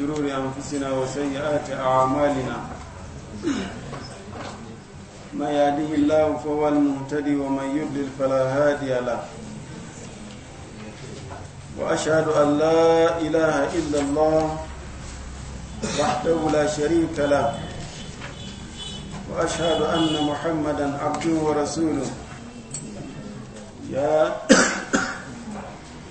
شرور أنفسنا وسيئات أعمالنا ما يهده الله فهو المهتدي ومن يضلل فلا هادي له وأشهد أن لا إله إلا الله وحده لا شريك له وأشهد أن محمدا عبده ورسوله يا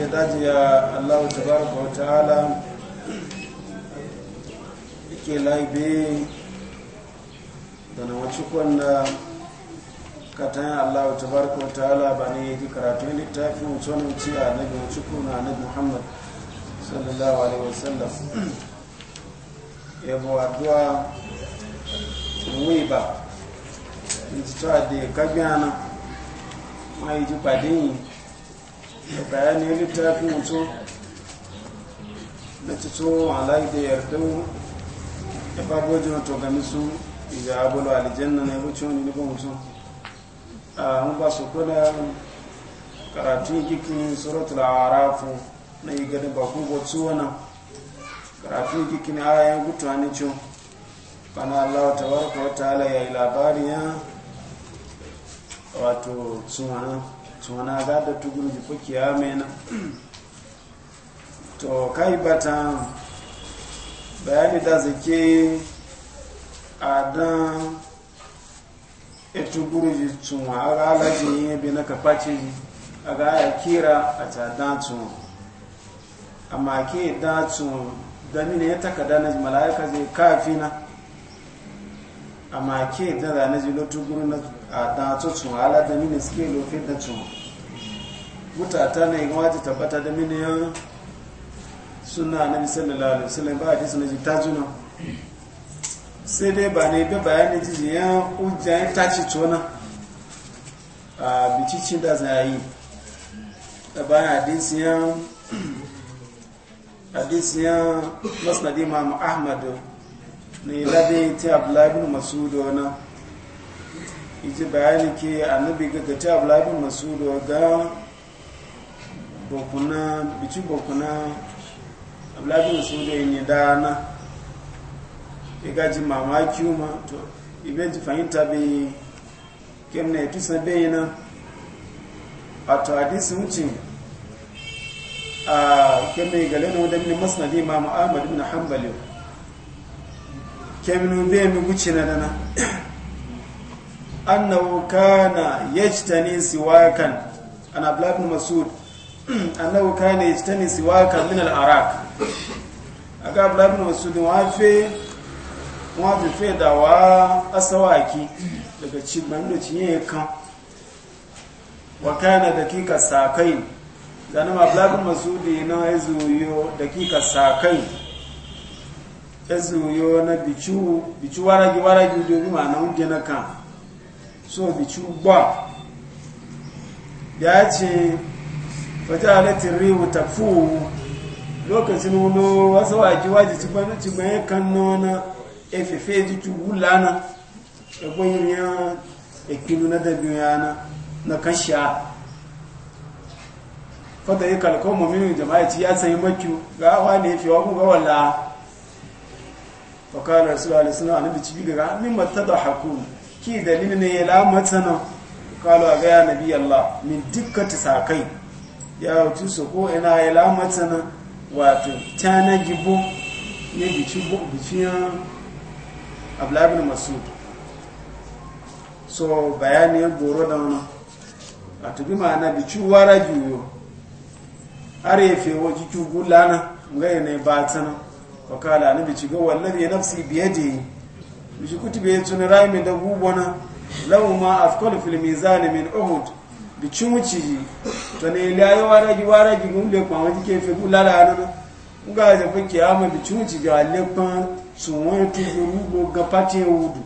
ya daji ya wa tabaraka wa ta'ala ke laibe da na wacce kwanna katayin wa tabaraka wa ta'ala ba ne yake karatun littafin tsonin ci a nabi wacce kuna nabi muhammad sallallahu alaihi wa sallam. yabo addu'a ba in ci ta da na, ma yi ji padin da bayanin littafin mutum na fi halayi da yardu da fagojin to gami su iga abulu alijen na yabuci wani nufin mutum a an ba su kuna karatu gikin suratul arafu na yi gani bakun gotu wana karatu gikin ayan gutu hannun cin bana allawa tawarka wata ala ya yi wato sun to na ga da tuguru ji fuki ya mena to kai bata bayani da zake a dan guru ji tuma a ga yi bi na kafaci ji a ya kira a ta dan tunwa amma ke dan tunwa da mini ya takada na mala'ika zai kafina a ke ta zane jilo tuguru na a dato cin ala da mini suke lofe da cin mutata na yi wata tabbata da mini yan suna na misalin lalata sallan ba a ji na jita juna sai dai ba ne bai bayanin jiji yan ujiyayen taci tona a bicicin da zai yi. da bayan hadisiyan hadisiyan masnadi imam ahmadu ne labe ta ablaibin masudo na iji bayani ke annabi ga ta ablaibin masudo ga bokuna bici bokuna ablaibin masudo ne dana igaji mamaki ma to ibe ji fahimta bai kemna ya tusa bai na wato hadisi wucin a kemna ya gale na wadda mini ma imam na ibn hanbali keminu be mi guci na dana annahu kana yajtani siwakan an abdullah ibn mas'ud annahu kana yajtani siwakan min al-arak aga abdullah ibn mas'ud wa fe wa fi fe da wa asawaki daga cibban da cinye kan wa na dakika sakai Zanen abdullah ibn mas'ud na yazo yo dakika sakai ezin na bichu bichu waragi waragi do bi mana unje na kan so bichu gba ya ce wata halittar riwu tafu lokacin wulo wasu waji waji ci bane ci bane kan nona efefe ji ci wulana egbon yin ya ekinu na dabi yana na kan sha fata yi kalkon mu minu jama'a ci ya sayi makiyu ga awa ne fi wa kuma wala fakara rasulullah alaihi wasallam annabi cibi ta da matadahakun ki dalil ne ya lamatana kalu a ga ya nabi allah min dukkan ta sa kai. ya wuce su ko ina ya lamatana wato tana gibo ne bici biciyan abdullahi masud so bayani ya goro da wani a tubi ma'ana bici wara juyo are fewo jikin gulana ga yanayi ba tsanan وقال أنا بيشيغو والذي نفسي بيده بيشيكوتي بيتون رايمي دبوبونا لو ما أثقل في الميزان من أهد بيشوشي تنيلي أي واراجي واراجي قم لك ما في قول لا أنا nga je pe ki ama bi wudu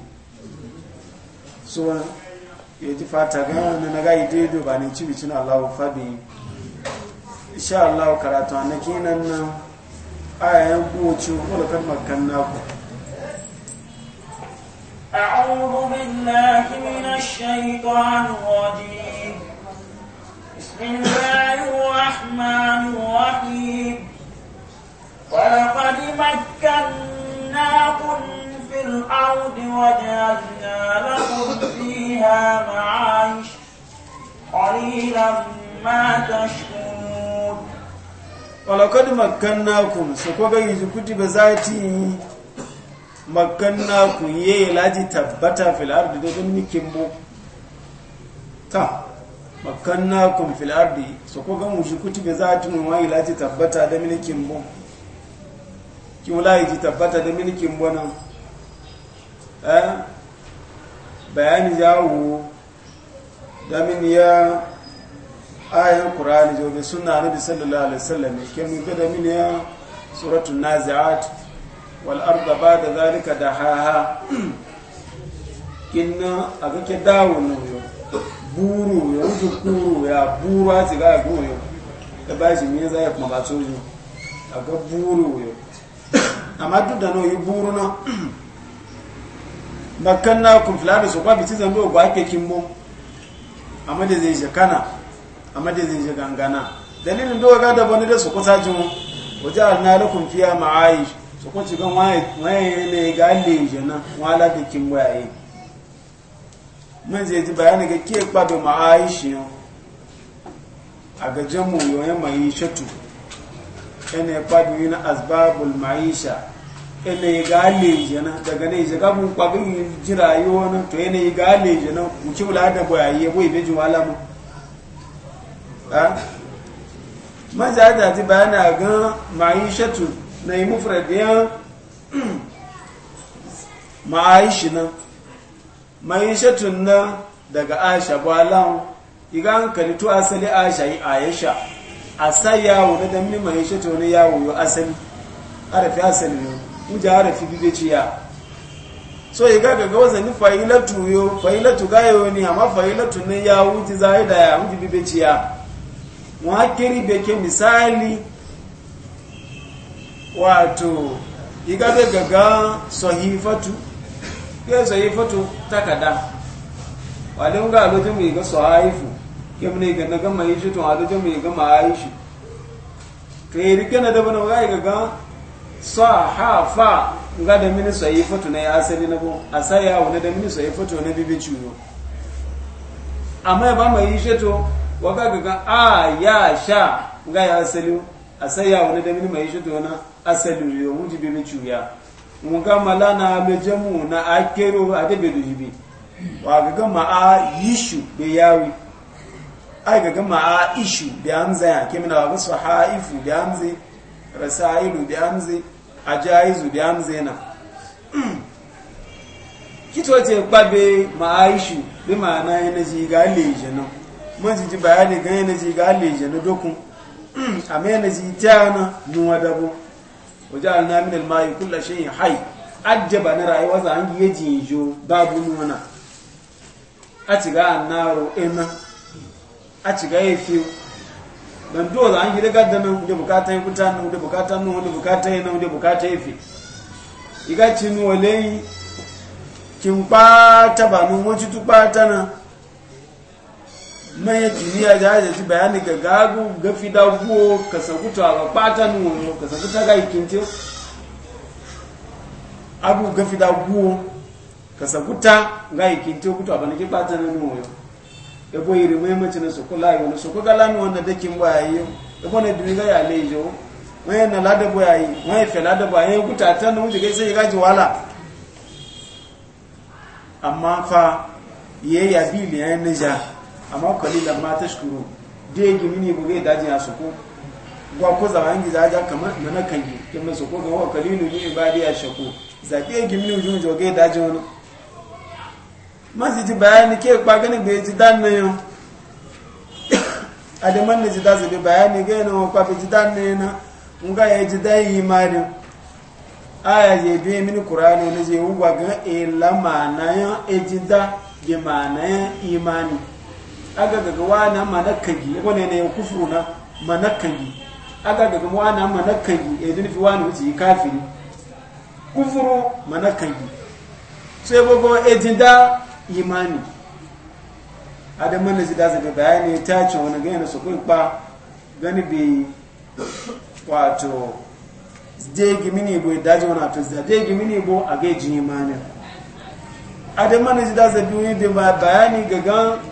so fata na na آية قوتي ولقد مكناكم أعوذ بالله من الشيطان الرجيم بسم الله الرحمن الرحيم ولقد مكناكم في الأرض وجعلنا لكم فيها معايش قليلا ما تشكرون walakad makannakum su ko ga yi kuti ba za ti ya ye laji tabbata fil da don nikin mu ta makannakum fil ardi su ko ga mu shi kuti ba za ti mu wani laji tabbata da milikin mu ki wula yi tabbata da milikin mu nan eh, bayani jawo da min ya ayan qur'ani jobe sunna nabi sallallahu alaihi wasallam ke mun gada min ya suratul naziat wal arda ba'da zalika dahaha kinna aga ke dawo no yo buru yo ju kuru ya buru ati ga go yo da e ba shi me zai kuma ba so yo aga buru yo amma duk da no yi buru na bakkanna kun fulani su ba biti zan do ba ke kimbo amma da zai shakana amma da zai je gangana dalilin da waga da bani da su kusa jin waje alna lakum fiya ma'aish su kun ci gan waye ne ga alle jana wala da kin waye mun zai ji bayani ga ke kwa da ma'aish yo a ga jamu yoyen mai shatu ene kwa da yin asbabul ma'isha ene ga alle jana daga ne je gabun kwa ga jira yo na to ene ga alle jana mu ci bula da boyaye boye be ji wala mu man ja da ti bayana gan ma'ishatu na yi mufradiyan ma'aishi nan ma'ishatu na daga aisha balan igan kalitu asali aisha yi aisha a sai yawo na damni ma'ishatu wani yawo yi asali harafi asali ne wuce harafi bibiciya so iga gaga wazani fa'ilatu yo fa'ilatu gayo ne amma fa'ilatu ne yawo wuce zai da ya wuce bibiciya muhakiri beke misali wato igabe gaga sahifatu ke sahifatu takada walin ga alojin mai ga sahifu ke mun ga na gama yi shi to alojin mai ga ma yi shi to yi rike na dabana ga ga ga sahafa ga da mini tu na ya asali na bon asaya wa da mini tu na bibin ciwo amma ba mai yi shi to waga gaga a ya sha ga ya asali a sai ya wani da mini mai shi dona asali yo muji bi ciya mu ga malana me jamu na akero a da be dujibi wa gaga ma a yishu be yawi ai gaga ma a ishu be amza ya ke mina ga sahaifu be amzi rasailu be amzi ajaizu be amzena kito ce kwabe ma aishu bi ma na yana ji ga leje nan mun ji bayani gan yana ji ga alle na dokun a amma yana ji tana nuwa dabo wajen wajalna min alma'i kullu shay'in hayy ajjaba na rayuwa za an yi jinjo babu nuna a ciga annaro e ina a ciga yafi dan do za an yi daga da nan da bukatan kuta nan da bukatan nan da bukatan nan da bukatan yafi iga cinu walai kin pa ta ba mun wuci tu ta nan man ya jiniya da ya ci bayani ga gagu ga fida guo ka sakuta ga patan wono ka sakuta ga ikinti abu ga fida guo ka sakuta ga ikinti kuta bana ki patan ni wono e bo yiri mai mace na su kula yi su kuka lanu wanda da kin ba yi e bo ne duniya ya le jo mai na lada bo yi mai fe lada bo yi ta tan mu je sai ga ji wala amma fa yeya bili ya ne ja amma kalilan ma tashkuru dai gimini bu gai daji a suku gwa ko za wangi za ja kamar na nakan gi na suku ga wa kalinu ni ibadi a shaku za ke gimini ujun jo daji wani masiji bayani ke kwa gani bai ji dan na yau adaman na ji da zabe bayani ga yana kwa ji dan na nga ya ji dan yi mari aya je bi min qur'ani ne je ugwa ga e la mana ya e ji da mana imani aga gaga wana manakagi wani ne kufuru na manakagi aga gaga wana manakagi edin fi wani wuce kafiri kufuru manakagi sai gogo ejinda imani adam mana zida zaga bayani ta ce wani gani na sokoi ba gani bi wato zdegi mini bo e daji wani to zdegi mini bo a gaji e imani adam mana ji da zaga bayani gagan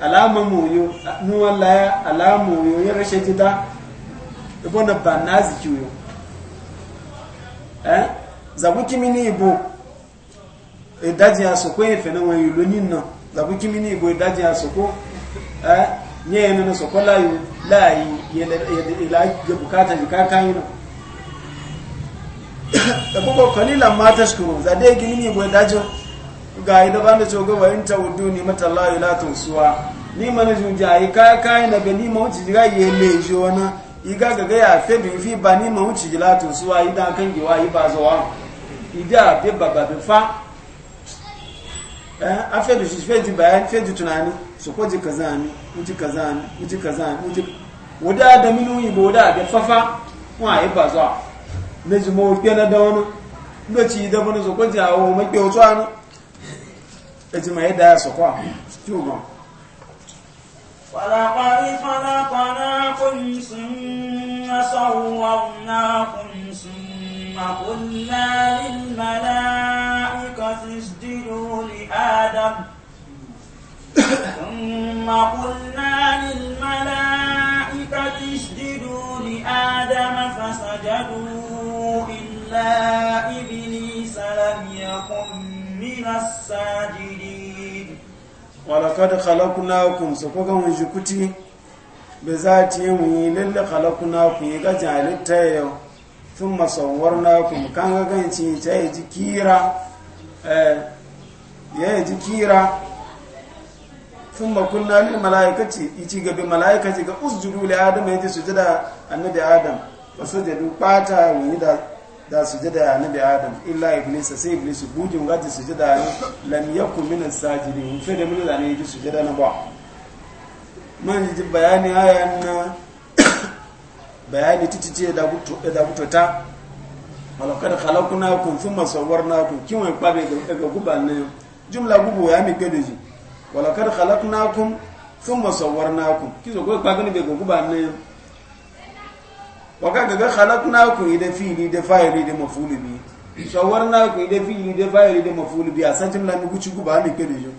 alama moyo nuwa laya alama moyo ya rashe jida ibo na ba na eh zabuki mini ibo idaji asoko efe na wani yulo nina zabuki mini ibo idaji asoko eh nye yana na soko layu layi ila ga bukata jika kayi na da kuka kalilan ma tashkuru zade gini ne ibo idaji ga yi da coga wa yin tawudu ni mata layu ila tunsuwa ni mana junja yi kai kayan na gani ni ma wuce jira yi le wani yi ga ga ya fe fi ba ni ma wuce jira tunsuwa yi dan kan giwa eh, yi ba zuwa yi da fe baba bi fa a fe shi fe bayan fe tunani su ko ji kaza ni wuce kaza ni wuce kaza ni wuce da minu yi ba wada da fafa wa yi ba zuwa na ji ma na da wani lokaci da bana su ko a wo maƙe wuce wani ejima yadda ya sokwa tuba ولقد خلقناكم ثم صورناكم ثم قلنا للملائكة اسجدوا لآدم ثم قلنا للملائكة اسجدوا لآدم فسجدوا إلا إبليس لم يكن Mina sadi din. Wala kada kala kunakun sakogon jukuti, ba zati yawu yi lalle kala kunakun, yi ka janar na kun, kanga ka yi cin, k'a yi ji kira. a kunna lu'in mala'ika, kaci ga bi'in mala'ika, ga us juru, la'a da ma annabi Adam, ɓe su ta da sujada ya nabi adam illa iblis sai iblis bujin gaji sujada ne lam yakun min as-sajidin fa da mun zane yi sujada na ba man ji bayani ayan na bayani titice da gutu da gutota walakad khalaqnakum thumma sawwarnakum kin wai kwabe daga guban ne jumla gubu ya mi gade ji walakad khalaqnakum thumma sawwarnakum kizo ko kwabe daga guban ne waka gaga na ku yi da fili da fayili da mafulu bi shawar na ku yi da fili da fayili da mafulu bi a satin lami guci guba mai kebe yau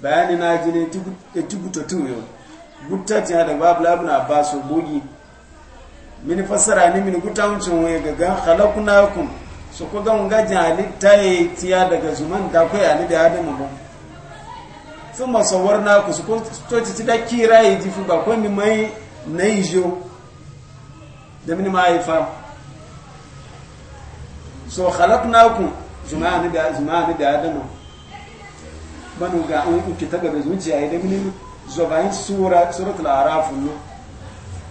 bayani na ji ne tun yau guttati da babu labin abbasu bogi mini fassara ni mini gutawancin waya gaga na ku su ku ga nga halitta ya yi tiya daga zuman da kai ali da adam ba sun masawar na ku su ko to ta kira ya ji fi ba ko ni mai na yi jo da mini ma yi fam so khalaqnakum juma'ani da juma'ani da adam banu ga an ku ta da zuciya da mini zobayin sura suratul araf no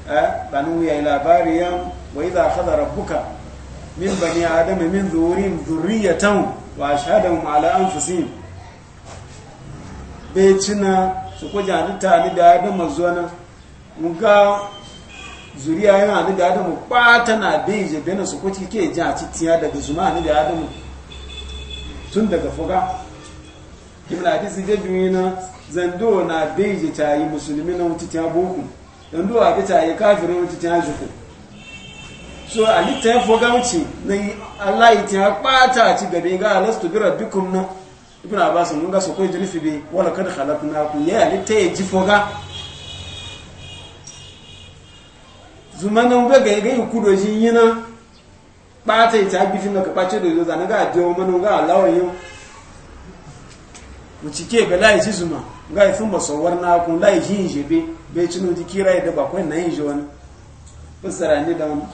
eh banu ya labari ya wa idha khadha rabbuka min bani adam min dhurihim dhurriyatan wa ashhadahum ala an anfusihim bai cina su kuja ta tani da adam zuwa nan zuriya yana da adamu ba na bin je bena su kuti ke ji a titiya daga zuma da adamu tun daga fuga kimla su jebi bimina zando na bin ji ta yi musulmi na ta boko zando a ga ta yi kafiri na ta juku so a ta ya fuga wuce na yi allah yi tiya bata a ci gabe ga alastu bi rabbikum na ibn abbas mun ga su kai jilifi bi wala kada khalaqnakum ya ali ta yi ji fuga zumanan be ga ga yukudo jin yina bata ita bi fin ka pace do zana ga je o manu ga lawo yo mu cike ga lai ji zuma ga yi sun basowar na kun lai jin jebe be cinu ji kira da ba kwai nan ji wani Fasara ne da wani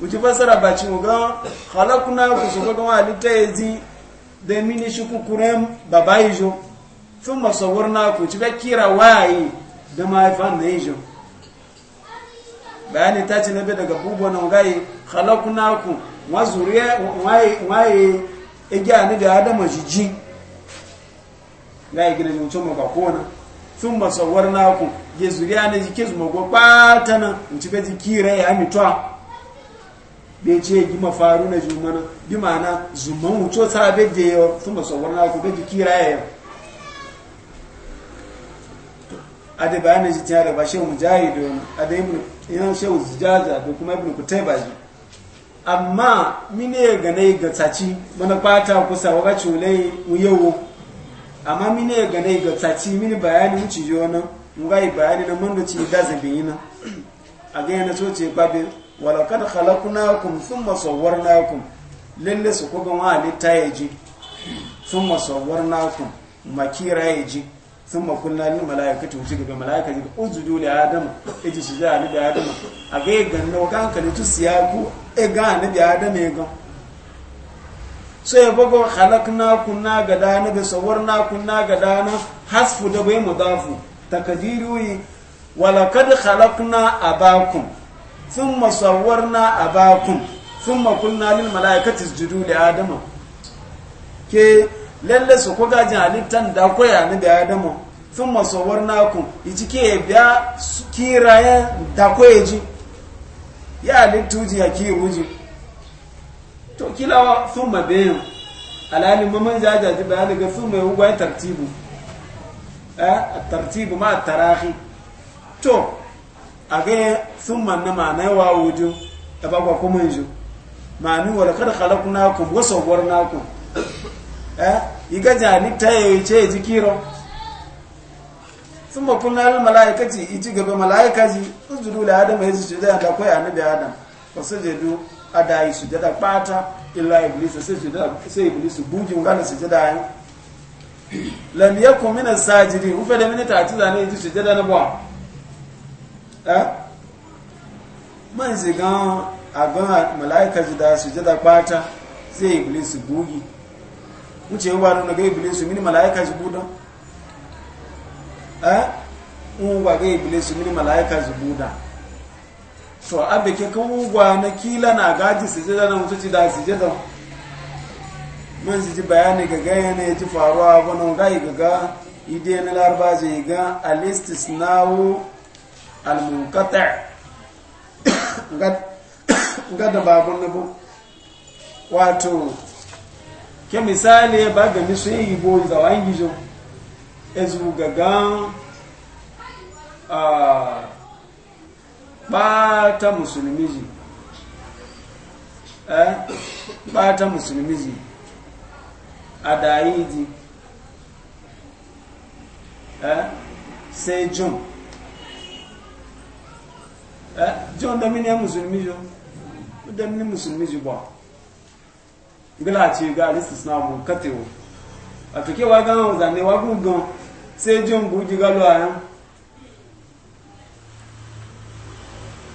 mu ci fassara ba ci mu ga halakuna ku su ga wani ta yi da mini shi kukuren babayi jo sun basowar na ku ci ga kira waye da mahaifan nan ji bayani ta ce bai daga bubo na ngai ku wa zuriya wa igiya ni da adama jiji ngai gina mu choma ba kona thumma ku ye zuriya ne jike zuma go patana mu ci ji jikire ya mitwa be ce gi faru na jumana bi mana zuman wuco ta be de yo thumma ku be jikira ya ade bayani jita da bashe mujahidun ade ibnu yan shehu zijaja da kuma ibn kutaiba ji amma mine ga nai ga tsaci mana kwata kusa waga mu uyewo amma mine ga nai ga tsaci mini bayani mu ci nan mu yi bayani na mun ci da zabin a ga yana soce babin walakad khalaqnakum thumma sawwarnakum lalle su ko ga wa halitta yaji thumma sawwarnakum makira yaji sun makunna ni malaika tu shi ga malaika ji uzudu li adam eji shi jihar ni da adam a ga ganin wa kan kan tu siya ku e ga ni da adam ya ga so ya bago na kunna da bi na kunna dana hasfu da bai mudafu takdiru wa laqad khalaqna na a sawarna sun thumma kunna lil malaikati isjudu li adam ke lalle su ko gajin halittar da koya ni da ya adamu sun masowar naku ici ke biya kirayen da koya ji ya halittu ji ya kiru ji to kilawa sun ma bayan alhalin mamman jajaji bayan daga sun mai hugwayen tartibu a eh, tartibu ma tarahi to a gaya sun ma na ma'ana yawa wujo da bakwa kuma yanzu ma'ani wa lakar halakku naku wasowar naku eh iga jani ta yayi ce zikiro sun bakun lalal mala'ikaci iji gaba mala'ikaci usjudu la adam yayi sujada da kai annabi adam fasajadu adai sujada kpata illa iblis sai sujada sai iblis buji ngana sujada yan lam yakun min as-sajidin ufa da min ta ci zane iji sujada na ba eh man zigan agan mala'ikaci da sujada kpata sai iblis buji wuce ba nuna ga iblisu mini malaika zibuda eh mu ba ga iblisu mini malaika zibuda so abe ke kan ugwa na kila na gaji sujada na mutuci da sujada man ji bayani ga ga yana ya ji faruwa ba nan ga ga ide na larba je ga alistisnawu almunqata ga da babun wato ke misali e ba ga misu yi bo za wa ngi jo ezu gaga a ba ta eh bata musulmiji, musulmi ji eh sai jun eh jun da mini musulmi jo da ba gila ce ga alistisna mu katewo a tuke wa gana wa zane wa gugun sai jin buji galo a yan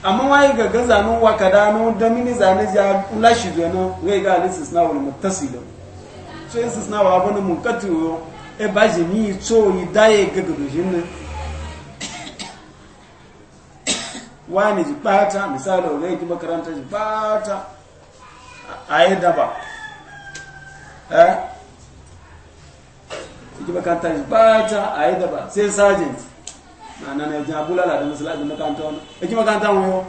amma waye ga gaza zane wa kada nun da mini zane ja lashi zo no wai ga alistisna wal muttasila so istisna wa abun mu katewo e ba ji ni to yi daye ga gudu jinna wani ji bata misali wa ga makaranta ji bata a yi daba eh makanta makaranta ba ta a yi daba sergeant na na ya jan bulala da masalajin makaranta wani ki makanta wayo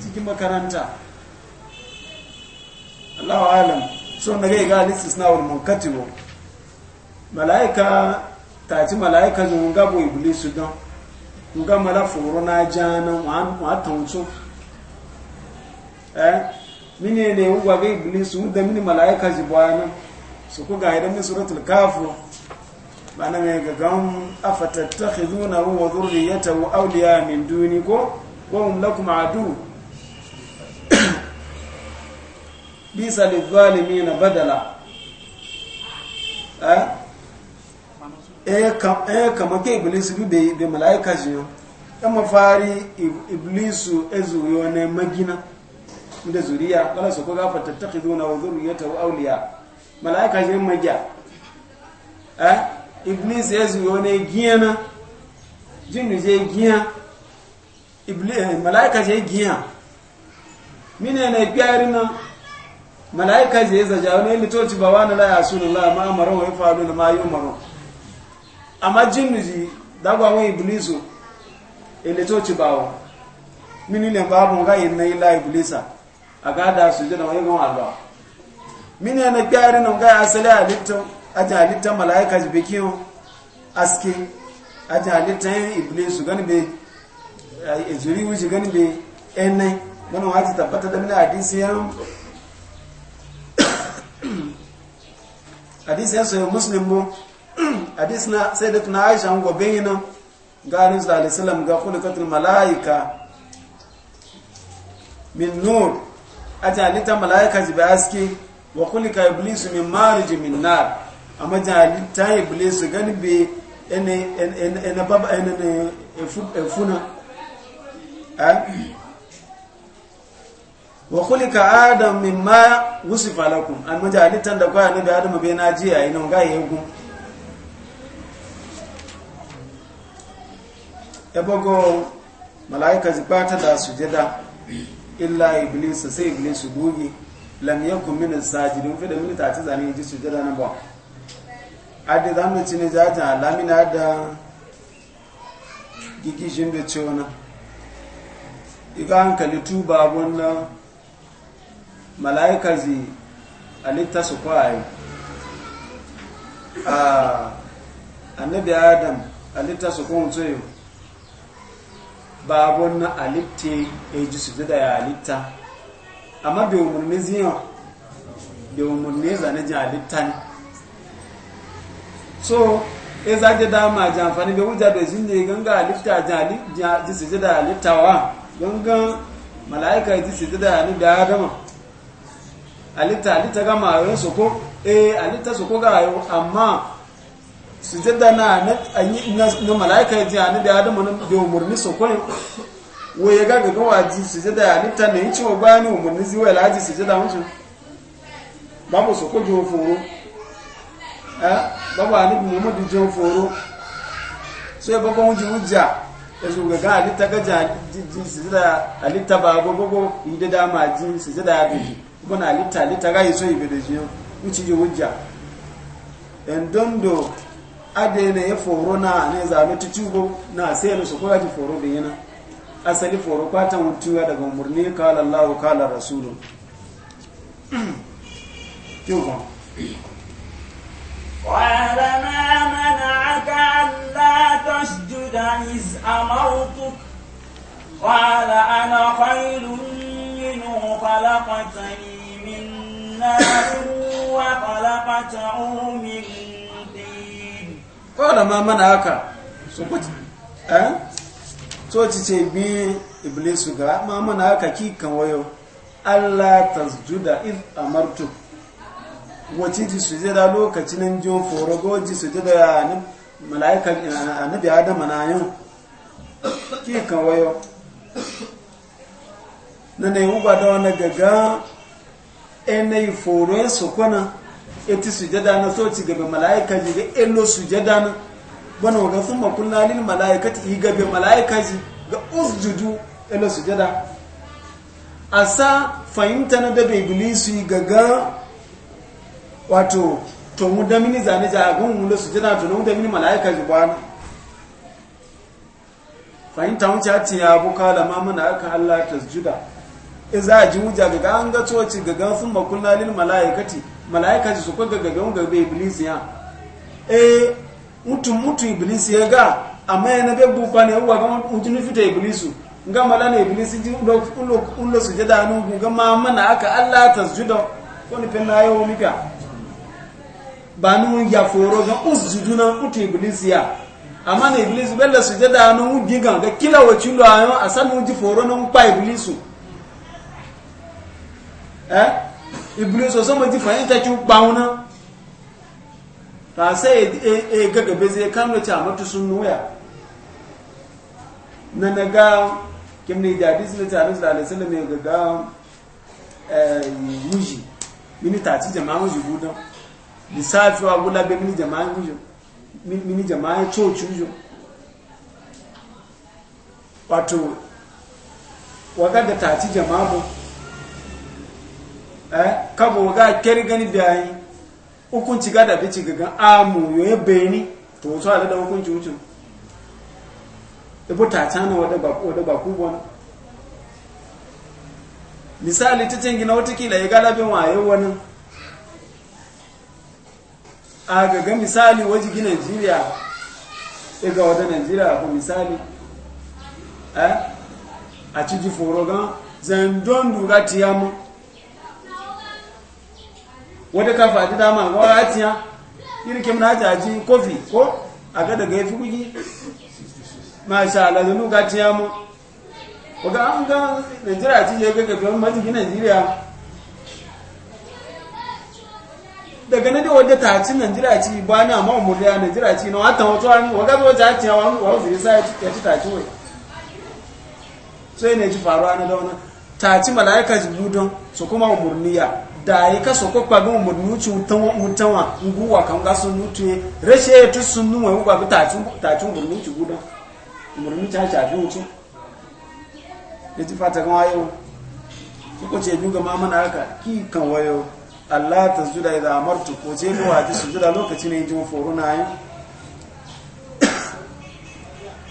cikin makaranta Allahu alam so na gai ga sis na wal munkatibu malaika ta ci malaika zun nga bo iblisu don nga mala foro na jana wa tonso eh ne ugwa iblisu da mini malaika su ku ga idan min suratul kafu ba na mai gagan afatattakhizuna wa dhurriyyatahu awliya min duni ko wa hum lakum adu bisa lidh zalimin badala eh eh kam eh, ke iblis bi be malaika jiyo kama fari iblisu ezuyo ne magina inda zuriya kala su ku ga afatattakhizunahu wa dhurriyyatahu awliya malaika shi magiya eh iblis ya zuwa ne giya na jinnu je giya iblis eh, malaika je giya mine ne gyari na malaika je zaja ne litoci ba na la yasulullah ma amara wa yafalu ma yumaru amma jinnu ji dagwa wa iblisu ilitoci e ba wa mini ne babu ga inna ila iblisa aga da su je da wani gan Allah mine na gyari nan gaya asali halittar ajin halittar mala'ika jibe kiyon aske ajin halittar yin iblisu gani be ezuri eh, wuce gani be enai gani wata tabbata da mini hadisiyan hadisiyan sayo muslim bu hadis na sai da tuna aisha gobe yi nan garin su alisalam ga kulikatul mala'ika min nur a ajin halittar mala'ika jibe aske wa kulika iblisu min marij min nar amma jali ta iblisu gani be ene ene baba ene ne funa, a eh? wa kulika adam min ma wusifa lakum amma jali tan da kwa ne da adam be na ji ayi nan ga yegu ebogo malaika zipata da sujada illa iblisu sai iblisu gugi lam yakun min sajidin fi da min ta ci zani ji sujada na ba adi zan mu cini jaja lamina da gigi jin da ciwona iga hankali tuba wannan mala'ikar zi alitta su kwaye a annabi adam alitta su kuma tsoyo Babu na alitta ya ji su da ya alitta amma bai umarni ziyan bai umarni zane jin halitta ne so e za ji dama ji amfani bai wuja da jin ne ganga halitta ji su ji da halitta wa ganga mala'ika ji su ji da halitta adama halitta halitta gama a yau soko e halitta soko ga yau amma su ji da na mala'ika ji halitta adama bai umarni soko wo ya gaga ga waji sujada ya nita ne yi ciwo bani umarni ziwa ya laji sujada wancu ba mu so ko jiwo foro eh ba ba ni mu mu jiwo foro so ya e baba wuji wujja ya e zo ga ga alita ga ja ji sujada alita ba go go yi da dama ji sujada ya biji kuma na alita alita ga yi so yi bede jiyo wuci ji wujja en dondo adene ya e foro na ne za lututugo na sai lu so ko ga ji foro bin yana asali foro kwata mutuwa daga murni kala Allah wa kala rasulun kyau wa ma mana'aka alla tasjuda iz amartuk qala ana khairun minhu ma mana'aka su kuji eh coci ce bi iblisu ga ma mana haka kikan wayo allah tasjuda iz amartu wacin ji da lokacin jin foro goji sujada da mala'ikan annabi adama na yau kikan wayo na ne uba da wani gaga enai foro ya sokona eti sujada na soci gaba mala'ika jiga elo sujada na bana ga sun makulla lil malaikati yi gabe malaikaji ga usjudu ina sujada asa fahimta na dabe iblisu ga gaga wato to mu da mini zane ja gun mu da sujada to mu da mini malaikaji bana fahimta mu ta ce ya buka da ma e muna aka Allah tasjuda in za a ji wuja ga an ga ga gaga sun makulla lil malaikati malaikaji su ga ga gaga ga iblisu ya eh mutu mutu ibilisi ya ga amma yana bai bufa ne uwa ga mutum fita ibilisu ga mala ibilisi ji ulo su na nugu ga ma mana aka allah ta sujuda ko ni fenna mika ba nu ya foro ga usjudu na mutu ibilisi ya amma na ibilisi bella su jada nu ga kila wacin lo ayo asanu ji foro na pa ibilisu eh ibilisu so mo ji fahimta E, e, ta sai e gabe zai kan da camatu sun nuya na na ga kimni da hadisi na tare da alisala mai gaga yuji mini ci jama'a wuji gudan lissafi wa gula bai mini jama'a yuji mini jama'a coci wuji wato waga da ci jama'a bu eh kabo waga kere gani da yi hukunci gada bi ci gagan amu yoye beni to wato a da hukunci wucin ibu ta cana wadda ba ku bon misali ta tangi na kila ya galabin waye wani a gaga misali wajigi nigeria ya ga wada nigeria ko misali eh? a ci ji foro gan zan don dura tiyamu wata kafa ta dama wa atiya irin kim na jaji kofi ko a ga daga yafi kuki masha Allah zanu ga tiya mu waga an ga Najeriya ci je ga gaban majigi Najeriya daga na da wadda ta ci Najeriya ci ba na ma mu da Najeriya ci na wata wato an waga ta ci wa wa zai ya ci ta ci wai sai ne faruwa na da wannan ta ci malaika su kuma umurniya da yi kaso ko kpagbin murnuci mutanwa nguwa kan ga sun mutu rashe ya tu sun nuwa yi kpagbin tacin murnuci guda mu murnuci ha shafi mutu ya ti fata kan wayo ko ce biyu ga mamana haka ki kan wayo allah ta zuda idan amartu ko ce luwa ji su zuda lokaci ne jin foro na yi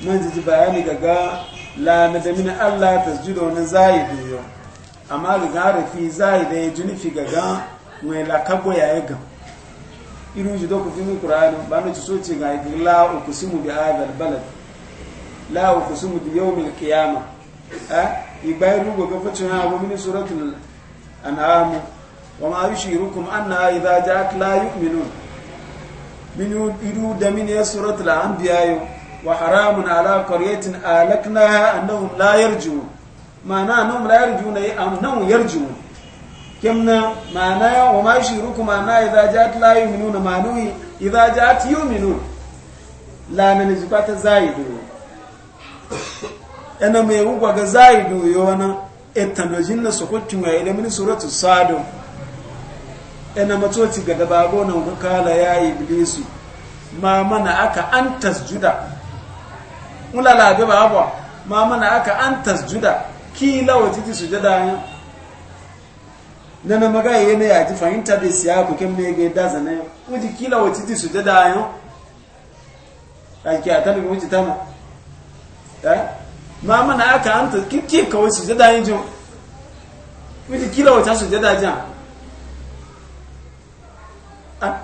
mun ji bayani daga la na allah ta zuda wani zayi biyu amma riga rufi zai da ya juni fi gaga mai lakabo ya yi gan irin ji doku fi kurani ba na ci soci ga yi la uku simu bi adal balad la simu bi yau mil kiyama eh? igba yi rugo ga facin ha wa mini suratul an'amu wa ma yushirukum anna idza ja'at la minu min idu da min ya biya yau. wa haramun ala qaryatin alaknaha annahum la yarji'un ma'ana nan la yarjuna ya am nan Kim na ma'ana ya wa ma yushiruku ma'ana idza ja'at la yu'minuna ma'anu idza ja'at yu'minun la nan zikata zaidu ana mai ugwa ga zaidu yona etanojin na sokocin wa, ile min suratu sadu ana matsoci ga dabago nan ku kala ya iblisu ma mana aka an tasjuda ulala ga babwa ma mana aka an tasjuda ki lawa titi sujada anya nana maga yene ya ji fahimta da siya ko kem na ga ya uji ki lawa titi sujada ya ake ata da wuce tana eh ma mana aka anta ki ki kawai sujada ya jo uji ki lawa ta sujada ja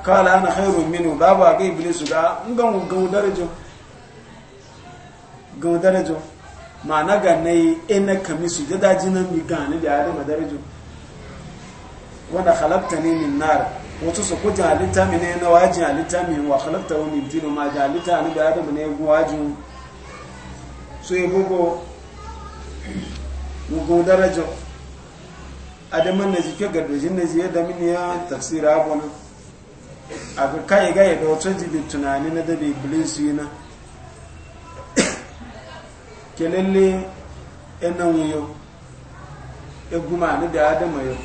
kala ana khairu minu babu ga iblisu ga ngan gaudarajo gaudarajo ma na ga na yi ina kami su da daji nan mi gani da yare madarajin wanda halatta ne min nar wato su ku jalita mi ne na waji jalita mi wa halatta wani tilo ma jalita halitta ni da yare mu ne wajin so ya bugu mugu daraja adaman na jike ga dojin na jiye da min ya tafsira abu nan a kai ga ya da wato jibin tunani na dabe su yi na kelele ena enan eguma ni da adama yau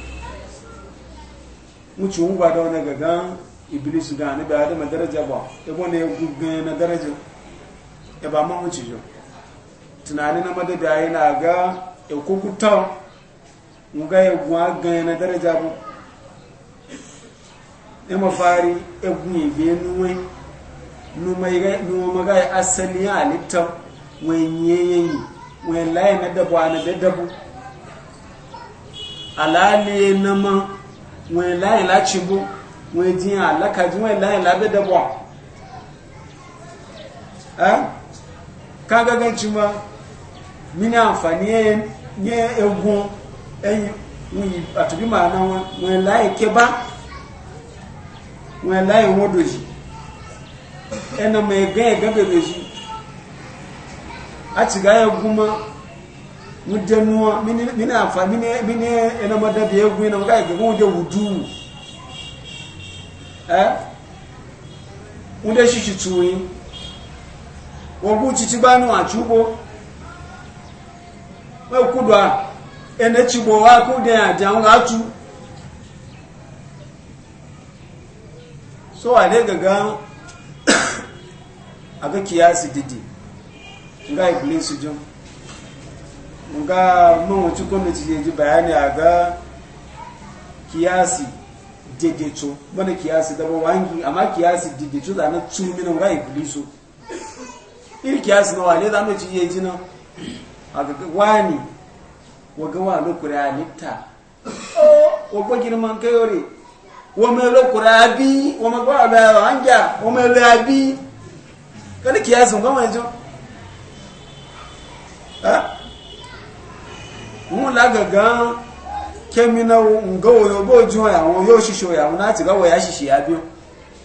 wuce wuba da wani gagan iblis ga ni da adama daraja ba ebo ne gugu na daraja e ba ma wuce yau tunani na madada na ga ekukuta nga gwa ga na daraja ba fari e gwi be nuwe numa ga asali ya halittar wen yeyeyi wen layi na dabu a na da dabu alali na ma wen layi la cibu wen jin alaka ji wen layi la da dabu a kan gagan ci ma mini amfani ye egun ẹyin wuyi àtúbí ma na wọn wọn láì ké bá wọn láì wọn dòjì ẹnà mọ ẹgbẹ ẹgbẹ bèbè yìí a ciga ya guma mudenuwa mini afa mini ena madabi ya gwi na maka ya gagun wuje wudu eh wunde shishi tuwi wogu titi banu achubo we kudwa ene chibo wa kude aja nga atu so ale gaga aga kiyasi didi nga iblis jin nga mawacin gwamnati da ji bayani a ga kiyasi daidaito wani kiyasi daba wangi amma kiyasi daidaito da na tumi nga iblisu iri kiyasi na wale da ci yi jina a ga wani waga wa lokuri halitta wagwa girman kayore wame lokuri abi wame gwa abayawa hanja wame abi kani kiyasi nga wani jin ń lága gan kẹ́mínà ǹgọ́ òyìnbó ojú àwọn yóò ṣiṣẹ́ òyàwó láti gáwọ̀ ya ṣiṣẹ́ abíọ́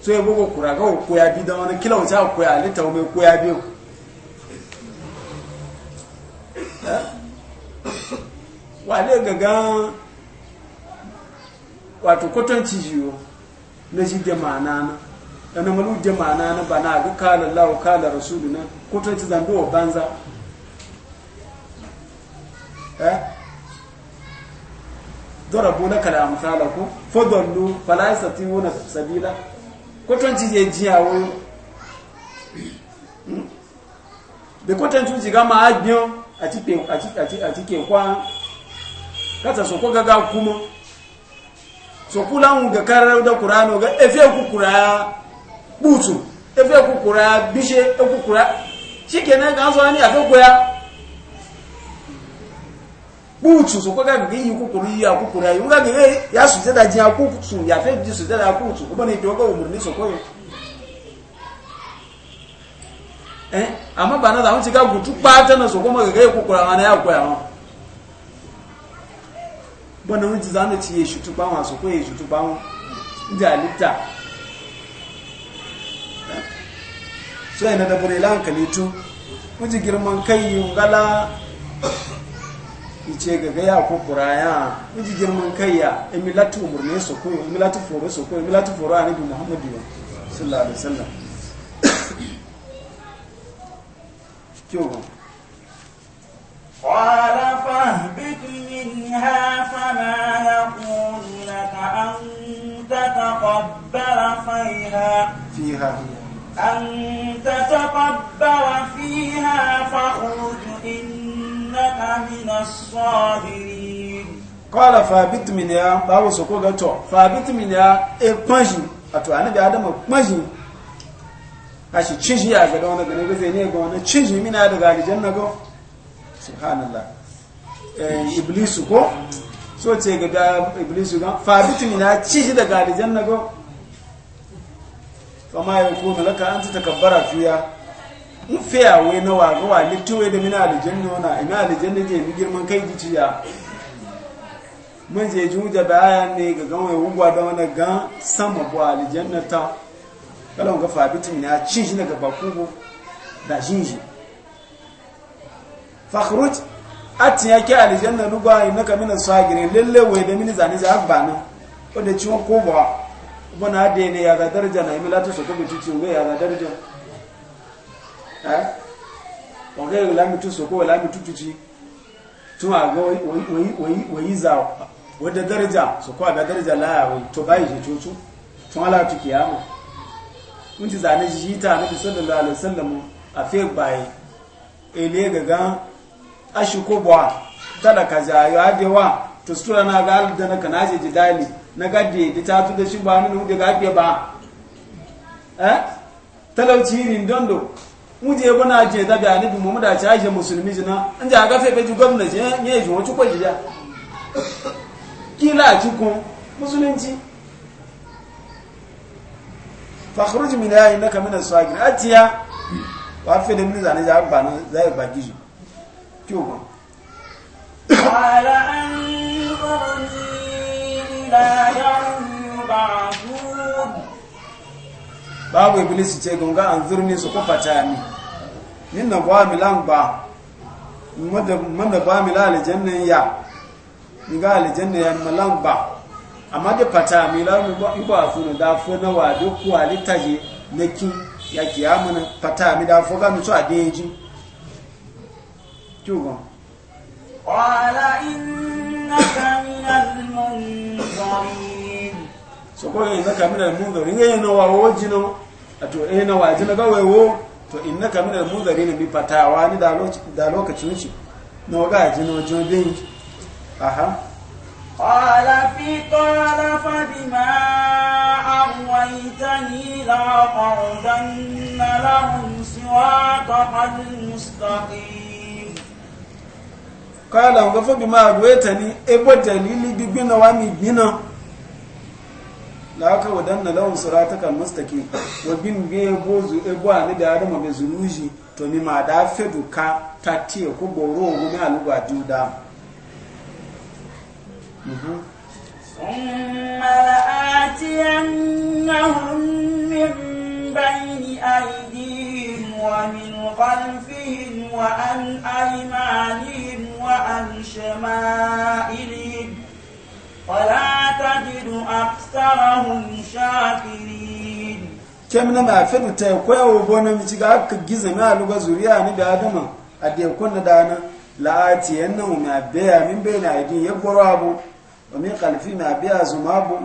tó yẹ gbogbo kùrà kó ya bí dán wọn kílọ̀ tí a kó ya lẹ́tà omi kó ya bí wà wato na da na ga kala lawo kala na banza eh dọ́rọ̀bù na kàlà àmúkàlà kú fọ́dọ̀lú fàláìsà tí wọ́n na sàbílá kwatancin je jiyawo da kwatancin shiga ma'ajiyan a cikin kwan kata so ko gaga kuma so kulan ga karar da kurano ga efe kukura butu efe kukura bishe kukura shi kenan ga kputu sokwaga nga iyi kwukwuru iyi akwukwuru anyị ga ya suzeda ji akwutu ya feji suzeda akwutu ụgbọ na ibi ogo omurni sokwoyo e amma ba na da hunci ga gutu kpata na sokwa maga ga yi ama na ya kwaya ma bọ́nà oúnjẹ zánà ti èṣù tó ngala ice ga gaya ko buraya inji girman kai ya emilatu umurne su ko emilatu foro su ko emilatu foro annabi muhammadu sallallahu alaihi wasallam kyogo qala fahbit minha fama yaqulu laka anta tataqabbara fiha fiha anta tataqabbara fiha fakhruj in innaka minas sabirin qala fabit min ya bawo soko ga to bit min ya e panji ato anabi adama panji kashi cinji ya ga dona gane ga zene ga wannan cinji mina da ga na go subhanallah e iblisu ko so ce ga da iblisu ga bit min ya cinji da ga na go fama yakunu laka an takabbara fiya in fiya wai na waga wa littuwe da mina alijanna wana ina alijanna je yi girman kai jiciya mun zai juja bayan ne ga ganwa ya hugwa da wani gan sama bu alijanna ta kalon ga fabiti ya cin shi daga bakubu da shi shi fakhruj atin yake alijanna ruba innaka min sagire lalle wai da mini zane za gbana wadda ciwon ko ba bana da ne ya zadar daraja na latin ta so wai ya zadar daraja eh wọ́n kẹ́rẹ̀ lámìtú sọ́kọ́ lámìtú tuntun tún àgọ́ wòyíza wọ́dẹ dẹ́rẹ́jà sọ́kọ́ àgbà dẹ́rẹ́jà láàrin tó báyìí tó tún tún aláàtù kìí àmọ́ ń ti zane shi ta nabi sallallahu alaihi wasallam a fe baye ele gaga ashi ko bwa talaka jayo wa to sutura na ga da na kana je jidali na gadde da ta tu da shi ba mun da gadde ba eh talauci rin dondo muje bana je da ga ni mu da ci aje musulmi jina an ja ga fe be ju gwamnati ne ju wacce ko jija kila ci kun musulunci fakhruj min ya innaka min as-sagir atiya wa fe da min zane ja ba na zai e ba gishi kyo ba ala an qarni ila yawm babu iblis ce gunga an zurni su kufa ta ni yin na gwa milan ba man da gwa milan alijannan ya ga alijannan ya milan ba amma da fata milan ba su ne da fi na wado ko taje na ki ya kiyamu mana fata mi da fi gami su a deji kyugon قال إنك من المنظرين so ko naka minal munzari nge yana wa wajino ato eh, na wa jina ga wewo to innaka minal munzirin bi fatawa ni da lokacin da lokacin shi no ga jino jobe aha قال في قال فبما أغويتني لأقعدن لهم صراطك المستقيم قال فبما أغويتني إبو دليل ببنا ومبنا laka wadanna lahum siratakal mustaqim wa bin ge bozu e bo ani da adama be zuluji to ni ma da fedu ka tatie ko boro ogun ni alugo ajuda ثم لآتينهم من بين أيديهم wa an وعن ولا تجد أكثرهم شاكرين كم نما فد تيكوا وبونا متيغا كجزنا لغا زوريا ني بادما ادي كنا دانا لا اتي انه ما بيا من بين ايدي يبروا ابو ومن خلفي ما بيا زمابو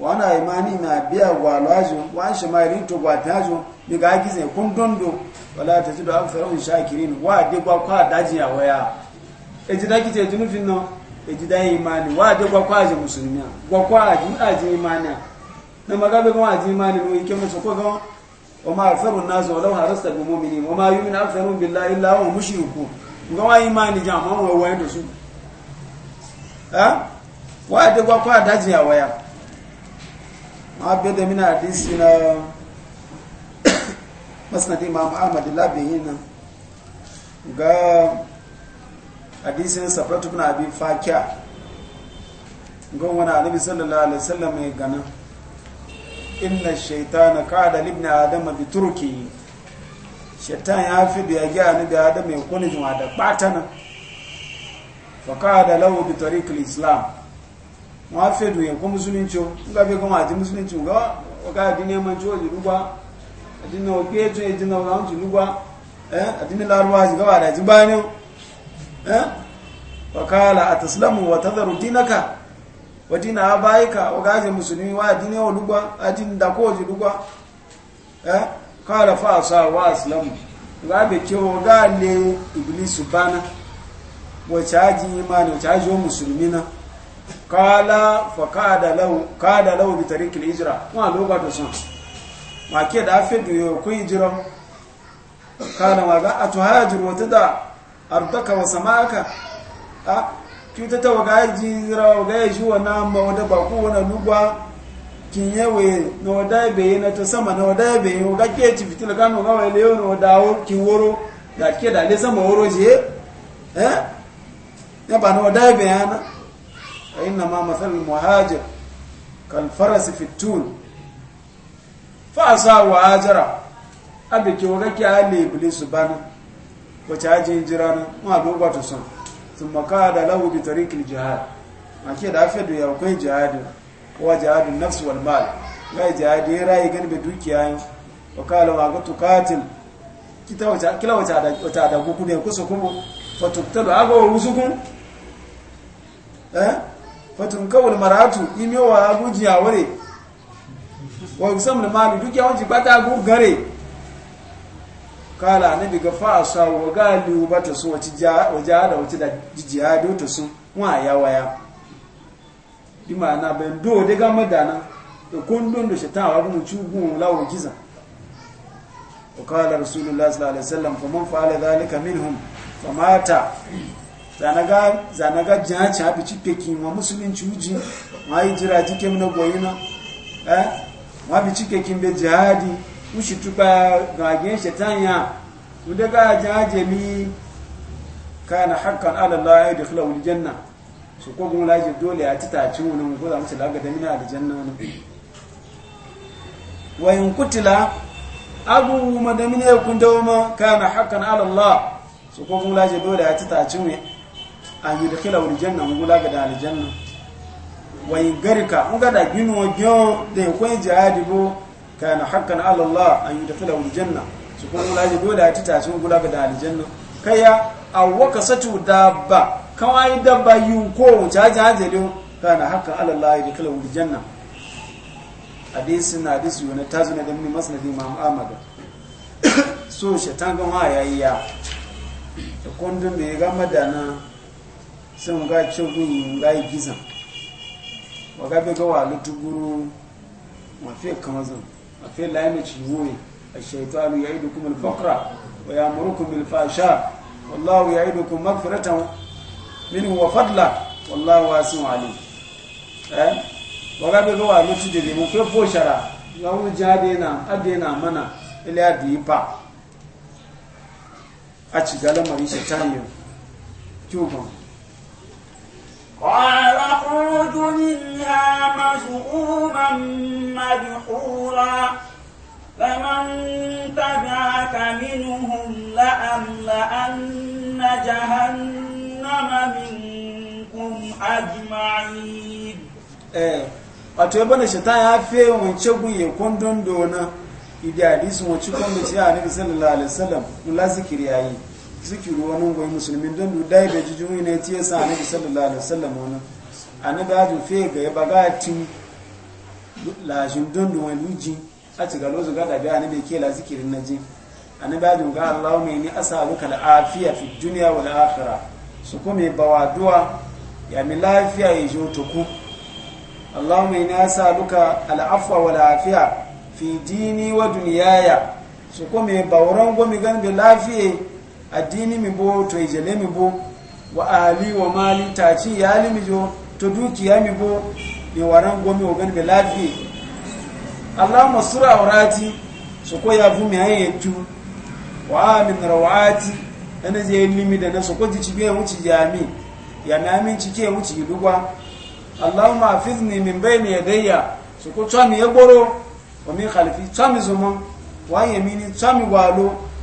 وانا ايماني ما بيا والواجو وان شمالين تو غاتاجو نيغا كيزن كون دوندو ولا تجد اكثرهم شاكرين وادي غوا كوا داجيا ويا اجي داكي تجنو فينو ejida imani waje gwakwaje musulmiya gwakwaje aje imani na magabe gwa aje imani no ike musu ko gwa wa ma aktharu an law harasta bil mu'minin wa ma yu'minu aktharu billahi illa wa mushriku gwa imani jama wa wa ndo su ha waje gwakwa daji ya waya ma bede mina hadisi na masnad imam ahmad labiyina ga hadisin safratu bin abi fakia gon wani annabi sallallahu alaihi wasallam ya gana inna shaytana qada kada ibn adam bi turki shaytan ya fi da yage annabi adam ya kone jima da batana fa qada lahu bi tariq al islam wa fi da ya kuma musulunci ga be kuma ji musulunci ga ga dinin man ji ruba adinin ogeje adinin ran ji ruba eh adinin larwa ji ga da ji bayanin wa eh? kala ataslamu wa tadharu dinaka wa dina abaika wa gaje musulmi wa dini wa lugwa adin da ko ji lugwa eh kala fa sa wa aslamu ga be ke wa gale iblis bana wa chaji imani wa chaji musulmina kala fa kada law kada law bi tariqil hijra wa lugwa to sun ma ke da afedu yo ku hijra kana wa ga atuhajiru wa tada ardaka wa samaka a kyuta ta waga zira ba kin na wada na ta sama na wada woro da ke da woro je eh ya ba na wada ma muhajir wa bana wacce haji jira na ma dogwa to son sun maka da lahu bi tariqil jihad ke da afiya da ya kai jihad wa jihadun nafs wal mal ga jihad ya rai gan be dukiya wa kala wa ga tukatil kita kila wacce wata da ku ne kusa kuma fatuktalu aga wa kun. eh fatun kawul maratu imiyo wa gujiya ware wa sam da mali dukiya wajen bata gu gare kala annabi ga fa asa wa ga liuba to so wace da wace da do to so wa ya waya ma na ban do de ga madana da don da shi ta wa mu cugun lawo giza wa kala rasulullahi sallallahu alaihi wasallam fa man fa'ala dhalika minhum fa mata zanaga zanaga jaci abi cikeki ma musulunci uji ma mai jira jike na goyina eh mu bi cikeki be jihadi mushi tuba gagen shatanya mu daga jajemi kana haqqan ala allah ya dakhla wal janna su ko gun laji dole ya ci taci ko za mu ci laga da mina aljanna wani wa in kutila abu madamina ya kun dawoma kana haqqan ala allah su ko gun laji dole a ci taci wani a yi dakhla wal janna mun goza ga da aljanna wa in garika mun ga da gino gyo da ko kun jihadi bo kana hakkan Allah an yudkhilahu aljanna su kun wula ji dole ya tita su gula ga aljanna kaya awwaka satu dabba kawai dabba yi ko jaja hajelo kana Allah ya Allah yudkhilahu aljanna hadisin hadisi wani tazuna da mini masnadi imam ahmad so shaitan gan ya yayi ya da kundin me ga madana sun ga cewa ga gizan wa ga be ga wa lutuguru mafi kamazan في لا يمشي الشيطان يعيدكم الفقر ويأمركم بالفحشاء والله يعيدكم مغفرة منه وفضلا والله واسع عليم eh waga be wa lu ti de mu fe fo shara la wu ja de na ade na mana ile adi pa a ci gala mari shaitan yo قال اخرج منها مسؤوما مدحورا فمن تبعك منهم لأملأن جهنم منكم أجمعين wato bane shaitan ya fe wance guye kundin dona idi hadisi wance kundin shi a nabi sallallahu alaihi wasallam mula zikiri yayi zikiru wani goyi musulmi don da dai ga jijin ne ti yasa da sallallahu alaihi wasallam wani annabi ajin fiye ga ya baga tin lajin don da wani luji a ci galo lozu ga da na annabi ke la zikirin naji annabi ajin ga Allahumma inni as'aluka da afiya fi dunya wal akhirah su kuma bawa duwa ya mi lafiya ya jo tuku Allahumma inni as'aluka al-afwa wal afiya fi dini wa duniyaya su kuma bawran gomi gan bi lafiya addini mi bo to ijele mi bo wa ali wa mali ta yali mi jo to dukiya mi bo mi waran gomi o gani be lafi Allah masura aurati so ko ya vumi haye tu wa amin rawati ana je limi da na so ko ji ci biya wuci jami ya na min ci ke wuci dugwa Allahumma hafizni min bayni yadayya ko tsami ya goro wa min khalfi tsami zuma wa yamini tsami walo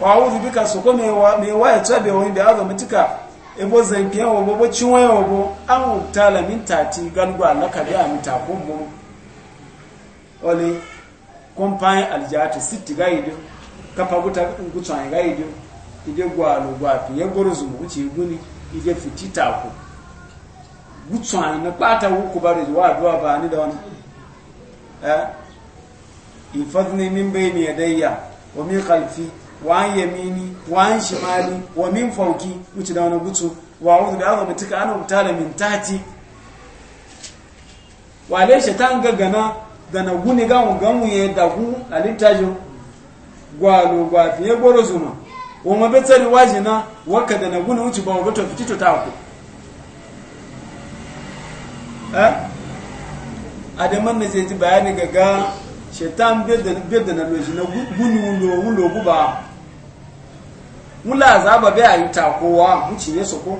wa uzu bika su ko mai wa ya tabe wani da azo mutuka ebo zanke wa bobo cinwa wa bo an utala min tati gangu alaka da mi ta ko mu ole kompan aljatu sitti gaidu kafa guta gutsan gaidu ide gwalo gwafi ya gorozu mu ci guni ide fitita ko gutsan na pata wuku bare wa duwa ba ni da wani eh ifadni min bayni yadayya wa min khalfi wa an yamini wa an shimali wa min fauki wuce da wani gutsu wa a'udhu bi azamatika ana ubtala min tati wa le shaitan gagana da na guni ga mu ya ye da gu alitajo gwalo gwa fiye goro zuma wa waje wajina waka da na guni wuce ba mu bato fitito ta ku eh adaman ne zai ji bayani gaga shaitan biyar da na loji na gunu wulo wulo ba. mula ba bai ayi takowa mu cinye su ko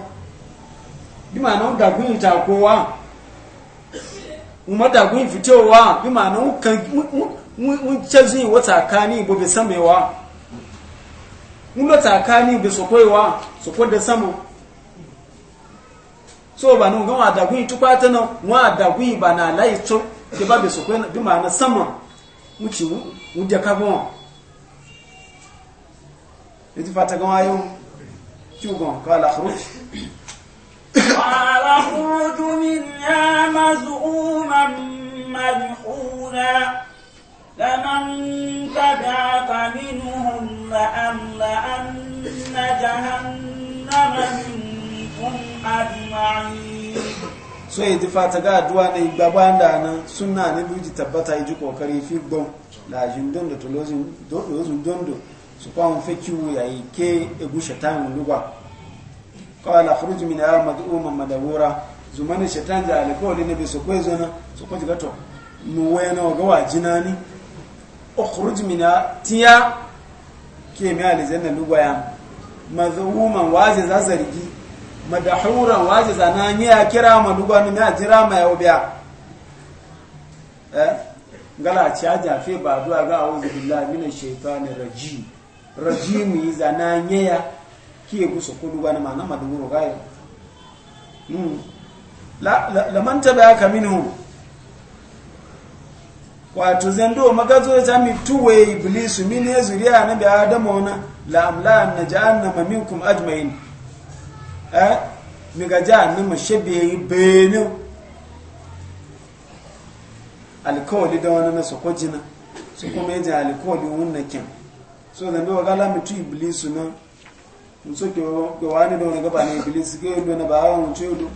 bi ma nan dagun yi takowa mu ma dagun fitowa bi ma nan kan mun canzu yi wa tsakani ba bai samewa mun da tsakani bai sokoiwa soko da samu so ba nan gawa dagun yi tukwata nan wa dagun ba na layi ke ba bai sokoi bi ma na sama mu ci mu jaka gwan ita fata gama yau kyugon kala kharuj kala khuruj min ya maz'uman madhuna لمن تبعك منهم لأملأن جهنم منكم أجمعين so yi tufa ta ga aduwa na igbaban da nan ne buji tabbata yi ji kokari fi gbon lajin dondo to lozin dondo su kwan fikiyu yayi ke egu shaitan lugwa qala khruj min ya mad'uma madawura zumani shaitan ja alko ne be su kwezo na su kwati gato mu wena ga wajina ni ukhruj oh, min ya tiya ke mi ali zanna lugwa ya madhuma waje za zargi madahura waje za na ni ya kira ma lugwa ni ya jira ma ya ubiya eh ngala ci aja fe ba duwa ga auzu billahi minash shaitani rajim rajimu iza na nyea kiye kuso kuduga na maana madunguro gayo mm la la, la man tabaka minhu wato zendo magazo ya zami tuwe iblisu min ya nabi adamu ona la amla na jahannama minkum ajmain eh miga jahannama shabe benu alkawli da na sokojina su kuma yajin alkawli wannan so na mbewa gala mutu iblisu na mso kewani da wani gaba na iblisu ke yi na ba hawa mtu do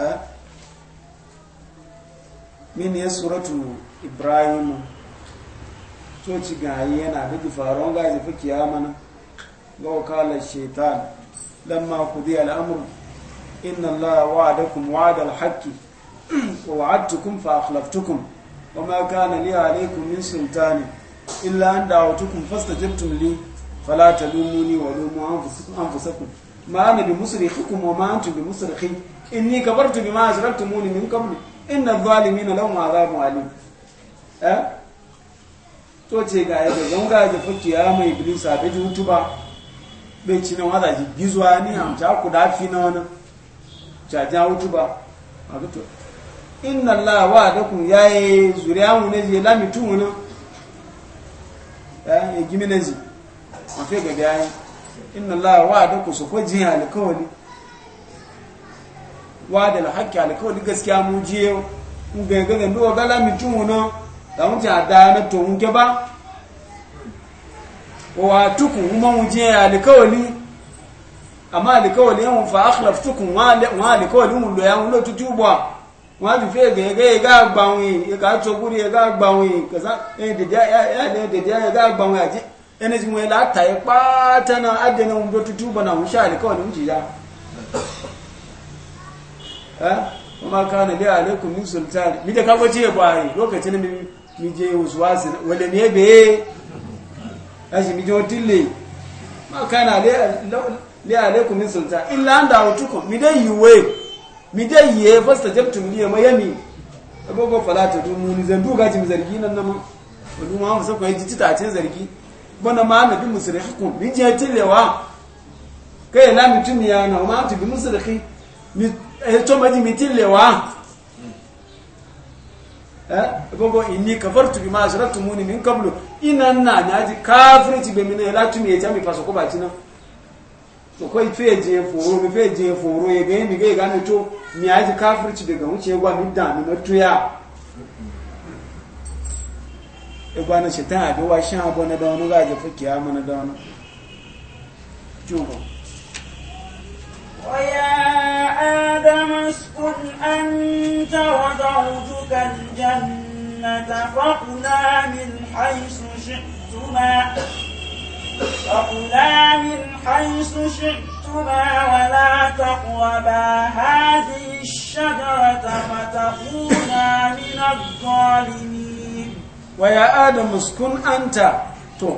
eh mini ya suratu ibrahim to ci ga yana da faru ga ji fi kiyama na ga wakala shaitan ku kudi al'amuru inna allah wa'adakum wa'ada al-haqqi wa wa'adtukum fa akhlaftukum ma kana لي عليكم min sultani. illa an fasta fastajabtum li fala lumuni wa lumu anfusakum ma ana bi musrikhikum wa ma antum bi musrikhi inni kabartu bima ashraktumuni min qabli inna adh-dhalimina lahum 'adhabun alim eh to ce ga yadda zonga da fakki ya mai iblis a biji hutuba bai ci na wada ji gizuwa ni am ta ku da fi na wani ta ja utuba a ga to inna allaha wa'adakum yayi zuriyamu ne je lamitu na ya yi gimi na ji mafi ga biyayi inna Allah wa da ku su ko jin alkawali wa da haƙƙi alkawali gaskiya mu jiye mu ga ga ndo ga la mi tun wono da mu ta da na to mu ke ba wa tuku mu mu jiye alkawali amma alkawali fa akhlaftukum wa alkawali mu lo yan lo tutubwa wọ́n ti fi ègè ègè ègà àgbàwìn ègà àtọ́kùrì ègà àgbàwìn kẹsàn ẹni dèdè ègà àti ẹni tí wọ́n láta ẹ pátá náà ohun tó tútù bọ̀ náà ń ṣàlẹ̀ ní ìjìyà wọ́n máa ká nílé àlékún ní sultan mi dẹ̀ kágbó tí ààrẹ lókètí ní ní mi jẹ ó mi dai ye fasta jabtum liya mayami agogo falata dumu ni zan gaji mi zargi nan nan wadu ma mu sako yaji titace zargi bana ma nabi musrihkum mi je tilewa kai la mi ya na ma tu bi musrihi mi e to ji mi tilewa eh agogo inni kafartu bima ashraktumuni min qablu inanna naji kafirci be min la tumiya jami faso ko ba bacina akwai fejin foro mi fejin foro ya gani mi ga gani to mi ya ji kafirci daga wuce gwa mi dami tuya ya gwa na shaitan abin wa shan abu na daunu ga ji fuki ya mana daunu jugo ويا آدم اسكن أنت وزوجك الجنة فكلا من فقلا من حيث شئتما ولا تقربا هذه الشجرة فتكونا من الظالمين ويا آدم اسكن أنت تو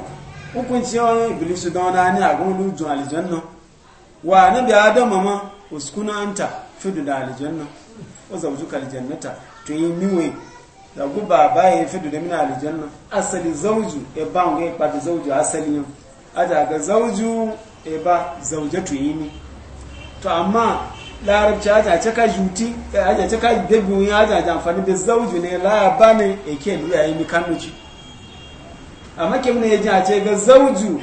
hukunci yawan iblisu ga wani ani a gudun lujun alijanna wa ni bi adamu ma uskuna anta fidu da alijanna wa zaujuka aljannata to yi miwe da guba baya fidu da mina alijanna asali zauju e pa asali aja ga zauju e ba zaujatu yini to amma larabci aja ce ka juti e aja ce ka debu ya aja ja amfani da zauju ne la ba ne e ke lu yayi mi ji amma ke mun yaji a ce ga zauju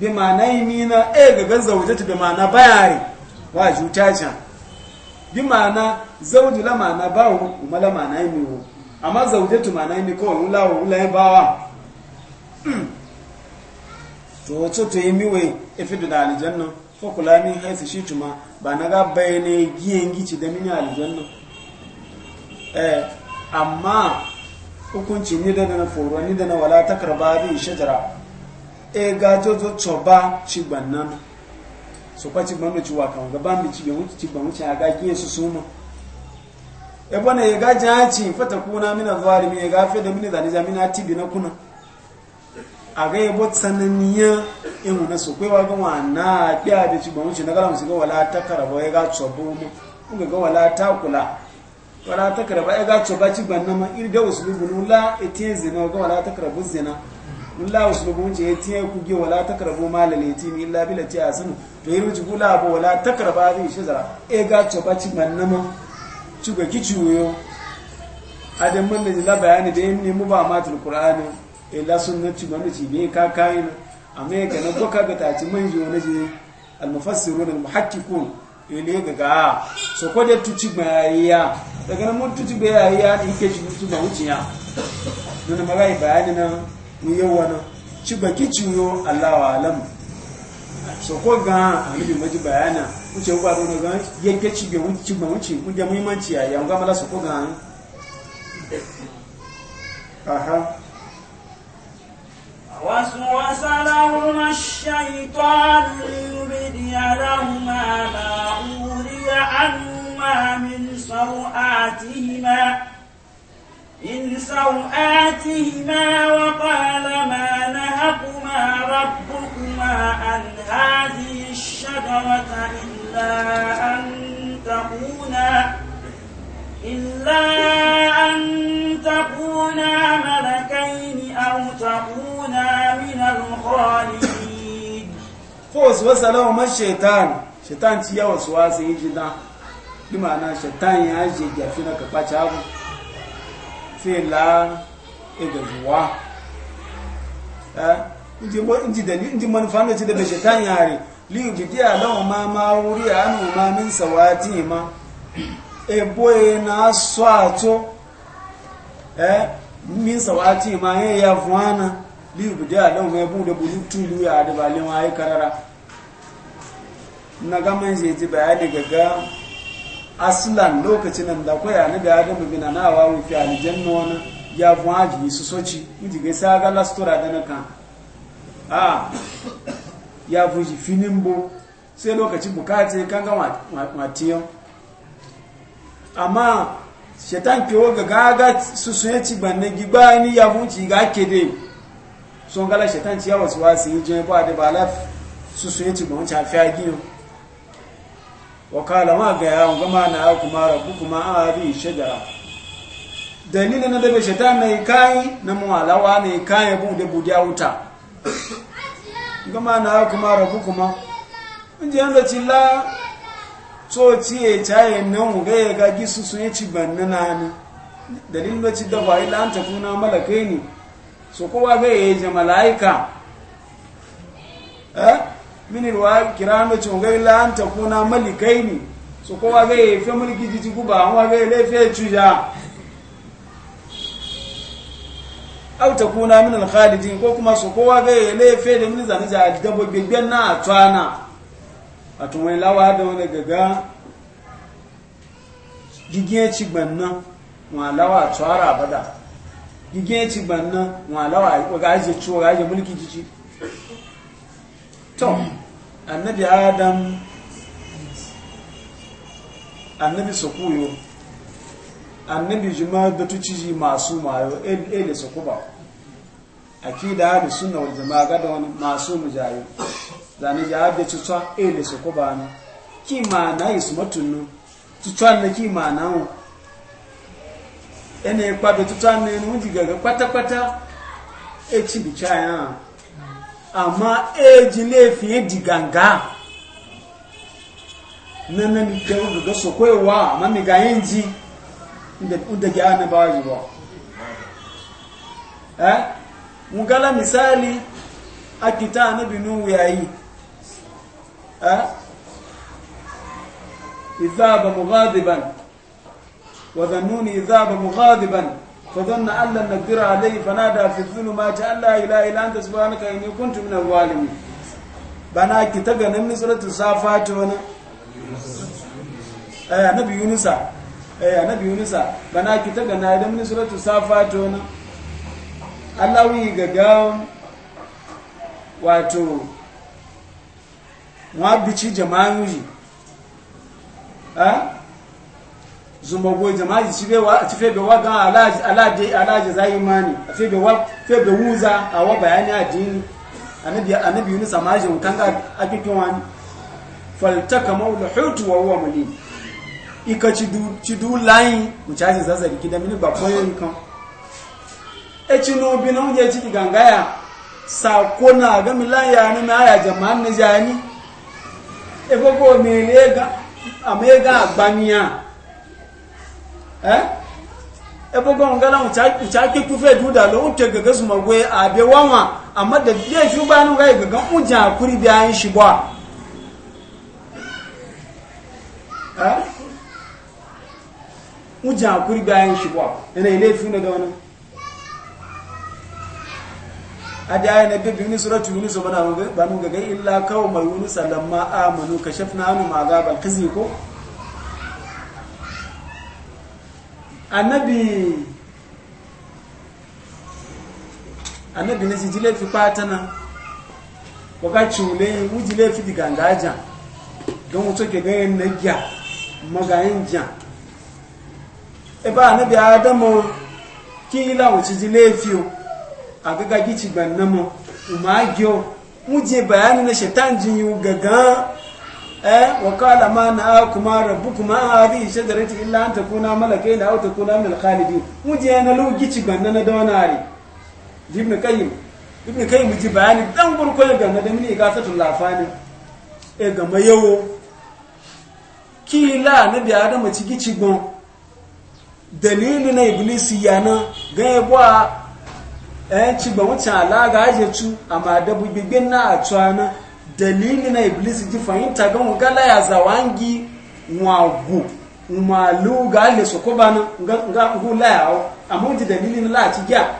bi ma'ana yini na e ga ga zaujatu bi ma'ana bayari wa juta ja bi ma'ana zauju la ma'ana bawo kuma la ma'ana wo. amma zaujatu ma'ana yini ko wula wula bawa to wato to yi miwe ifidu da aljanna fa kula min haisu shi tuma ba na ga bayane giyen gici da mini aljanna eh amma hukunci ni da na foro ni da na wala takarba bi shajara e ga jojo choba ci bannan so kwa ci bannu ci wa kan ga ban bi ci ga wuci ci bannu ci ga giyen su suma e bana ya ga jaci fata kuna mina zalimi ya ga fe da mini zani zamina tibi na kuna a ga yabo tsananiya in wani su kwaiwa ga wana ɗaya da ci gwamnati na gara musu ga wala ta karaba ya ga tsobo mu kun ga wala ta kula wala ta karaba ya ga tsoba ci gbanna ma iri da wasu lubu nula etiye zina ga wala ta karaba zina nula wasu lubu wuce etiye ge wala ta karabu malala eti ni illa bila ce a sanu to yi wuce gula abu wala ta karaba zai shi zara ya ga tsoba ci gbanna ma ci gwa kici wuyo adam mun da bayani da yin ne ba matul qur'ani ila sunnati ma nuci be ka kaina amma ya gana ko kaga ta ci manji wani je almufassirun almuhakkikun ile ga ga so ko da tuci bayayya daga nan mun tuci bayayya da ke ci tuci ba wuciya don magai bayani na mu yawa na ci baki ciwo Allah wa alam so ko ga annabi maji bayana wuce ba don ga yake ci ga wuci ba wuci mun da muhimmanci ya yanga mala so ko ga aha وسوس لهما الشيطان ليبدي لهما ما أوري عنهما من سوآتهما من سوآتهما وقال ما نهكما ربكما عن هذه الشجرة إلا أن تكونا إلا أن تكونا ملكين أو تكونا من الخالدين فوسوس لهما الشيطان شيطان تيا وسواس يجدا بمعنى شيطان يجي جافينا كباتشاو في لا إدروا inji manufan da ci da bashe tan yare liyu bidiya lawa ma ma wuri anu ma min sawati ma eboye na asụ atụ eh min sawati ma he ya vuana li budi ada onwe ebu de bulu tulu ya de nwa wa karara na ga man je ji bayani gaga aslan lokacin nan da koya ne da adam na awa wi fi aljanna wana ya vụ ji su soci inji ga sa ga lastura da naka ah ya vuji finimbo sai lokacin bukati kan ga matiyo amma shetan kiwo ga gaga su ya yi ci banne giba ni ya hunci ga kede sun gala shetan ci yawa suwa su yi jini e ba da ba laf su sun yi ci ba wancan fiya giyo wa kala ma ga yawon gama na ya kuma rabu kuma an abi shajara dalilin na dabe shetan na yi kayi na alawa na yi kayan e bu da budiya wuta gama na ya kuma rabu kuma in ji yanzu ci la so ciye caye nan ga ya gagi su sun yi ci banna na ni dalilin da ci dafa ila an tafi na malakai ne so kowa ga ya yi jama'aika eh mini ruwa kira da cin ga ila an tafi na malakai ne so kowa ga ya fi mulki jiji guba an wa ya lafiya au ta kuna min alkhalidin ko kuma so kowa ga ya laifi da min zane za dabo gbegbe na atwana a wani lawa da wani gaga gigiyar cigban nan wọn lawa a tsara bada gigiyar cigban nan wa lawa a gaje ciwo gaje mulki cici to annabi adam annabi sokuyo annabi juma da tuciji masu mayo ele sokuba akida da suna wal jama'a da wani masu mujayo zane ya da cuta ele eh, su ko ba na ki ma na yi su matunu cuta na ki ma wo ene pa be cuta ne no ji gaga kwata kwata e ci bi cha ya amma e ji le fi e di ganga nana mi ke wo gaga so e wa amma mi ga yin ji inda ga na ba ji ba eh mugala misali akita anabi nuhu yayi إذاب مغاضبا wa إذاب مغاضبا فظن أن لن نقدر عليه فنادى في الظلمات أن لا إله إلا أنت سبحانك إني كنت من الظالمين بنا كتاب نمن سورة الصافات وانا أي نبي يونس أي نبي يونس بنا كتاب نمن سورة الصافات وانا الله wi واتو wa bici jama'an yi zumago jama'a ci be wa ci febe wa gan alaji alaji alaji zai mani febe wa febe wuza a wa bayani addini annabi annabi Yunus amaji mun kanga akikin wani faltaka maula hutu wa ci du mu gangaya sa ni ya jani egogo ama ego agbanya ebogo eh? ngala uchake kufe duda lo uke gaga su magwe a be wanwa, amma da je shi ba nu ga gaga uja kuri biyan shi ba eh uja kuri biyan shi ba ina ile fi na da adi aya na bibin ni suratu yunus bana banu ga gai illa kawma yunus lamma amanu kashafna anhum azab alkhizy ko annabi annabi ne jile fi patana wakati ule ujile fi digangaja don wuto ke gayen na gya magayin jan ebe annabi adamu kila wuci jile fi o agaga gaga gici ban namo umagiyo muje bayani na shaitan jin yi gaga eh wa kala ma na kuma rabbukuma da shajarati illa an takuna ila au takuna min al muje na lu gici ban na donari ibn kayyim ibn kayyim muje bayani dan gurkul ga na da mini ga satul lafani e ga mayo kila na bi adama ci gici gon dalilu na iblis yana ga yabo eh ci ba wacce alaga aje tu amma da bibin na a na dalili na iblis ji fahimta ga ngala ya zawangi wagu malu ga le so ko bana ga ga la ya amu ji dalili na la ci ga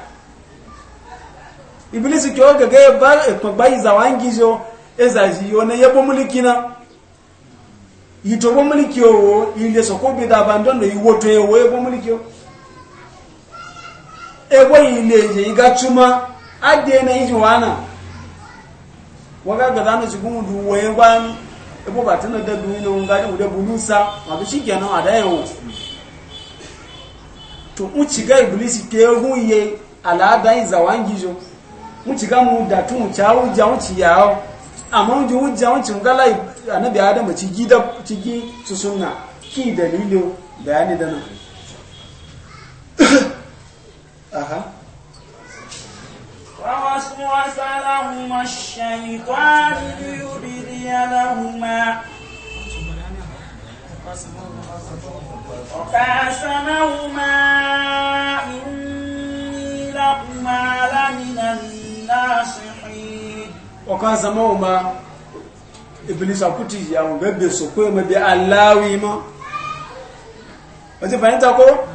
iblis ki oga ga ba ko bai zawangi jo ezaji yo na na. yabo mulikina yitobo o ile so ko bi da bandon do iwoto yewo yabo o. ebo ile je iga chuma ade na iji wana waga ga zanu su gumu du waye gwani ebo ba tana da du ina unga da ude bulusa ma bi shikenan a da yawo to uci ga iblisi ke huye ala da iza wangijo uci ga mu da tun cha uja uci yawo amma uji uja uci ngala annabi adam ci gida ci gi su sunna ki dalilo bayani da nan ووسوس لهما الشيطان ليبدي لهما وكاسمهما إني لكما لمن الناصحين وكاسمهما ibilisi akuti ya ngbebe sokwe mo bi alawi mo o ti fanyita ko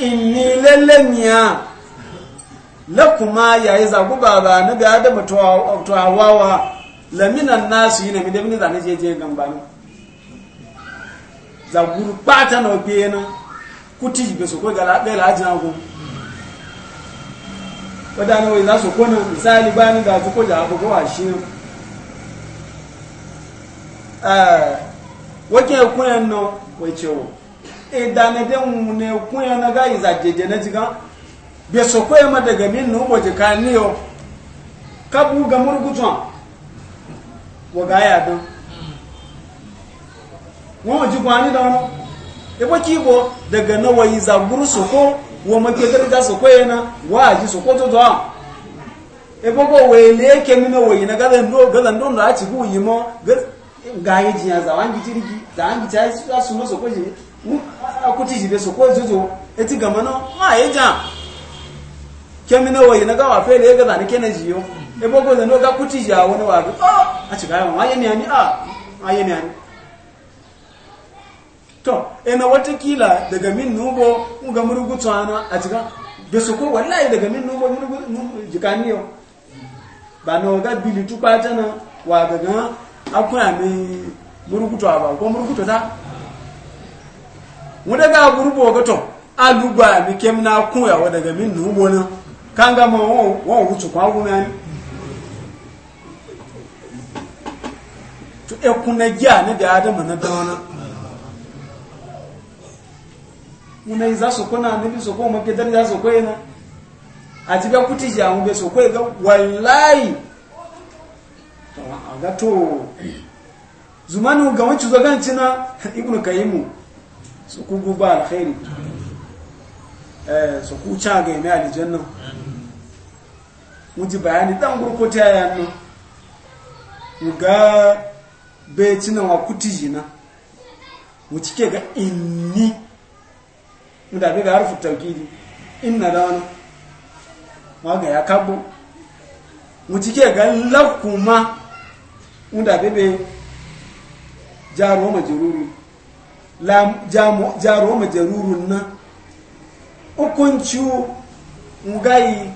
inni lele niya lakuma yayi zagu baba na ga da mutawawa laminan nasu yi na mi da mini zane je je gambani zaguru pata na ope na kuti jibe so ko ga la bela ajina go wada na wai za su kone misali bani ga su ko da abu ko ashi eh wake kunan no wai cewo idanade mu ne kunan na ga izajeje na jigan bia sokwe ma daga min no mo jika niyo kabu ga murgutun wa ya don wo ji kwani da wono e ba kibo daga na wayi za soko wa ma ke soko yana na wa ji soko to do e ba go we ke min wayi na ga dan do ga na ci bu yi mo ga yi ji za wangi jirgi za wangi ta su su soko ji akuti ji be soko zozo eti gamano ma ye jan kemina wai na gawa fele ya gaza ni kene jiyo e bogo da no ga kuti ja wani wa oh, ah a ci ga yawan yani yani a, a yani ne ani to ena kila daga min nubo ga murugu tsana a ci ga da su ko wallahi daga min nubo murugu jikaniyo ba no ga bili tupa tana wa ga ga akwai mi murugu to aba ko murugu to ta mu daga burbo ga to alugba mi kemna kun yawo daga min nubo na kanga mo wọ́n wùtù kwa wù náà to ẹkùn na jí à ní bí adama na dánwọ́nà wọn na ìzá sọ̀kọ́ náà níbi sọ̀kọ́ ọmọ kẹta ìzá a yìí náà àti bẹ́ kú tíjì àwọn bẹ ga yìí wàláyì àga tó zumanu ga wancin zoganci na ibnu kayimu su ku guba alkhairi eh, su ku muji bayani dan gurko ya yayan nan muga bai cina wa kuti jina mu cike ga inni mu da ga harfu tawkidi inna da wani waga ya kabo mu cike ga lakuma mu da bebe jaro majruru la jamo jaro majrurun na ukuncu ngai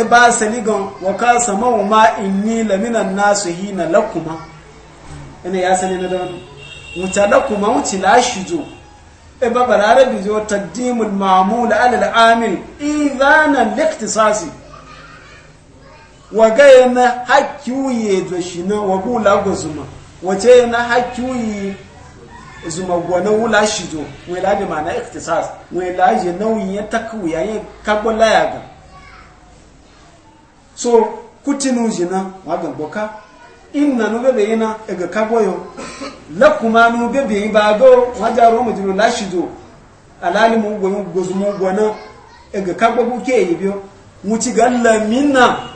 e ba saligan wa ka sama ma ni laminan nasu hina lakuma ina ya sani na dawani wuce lakuma wuce lashi zo e ba barare bi zo taqdimul ma'mul ala al-amil idhana liktisasi wa haki wuye zo na wa gula zuma? wace na wuye zuma gwana wula shi zo wai laji ma'ana iktisas wai laji nauyin ya kagbola ya kagbon so kutinu jina wagan boka inna nu bebe yana ega kagoyo la kuma nu bebe ba go waja ro mu jinu lashido alali mu gwo gozu mu gwana ega kago buke biyo mu ci galla minna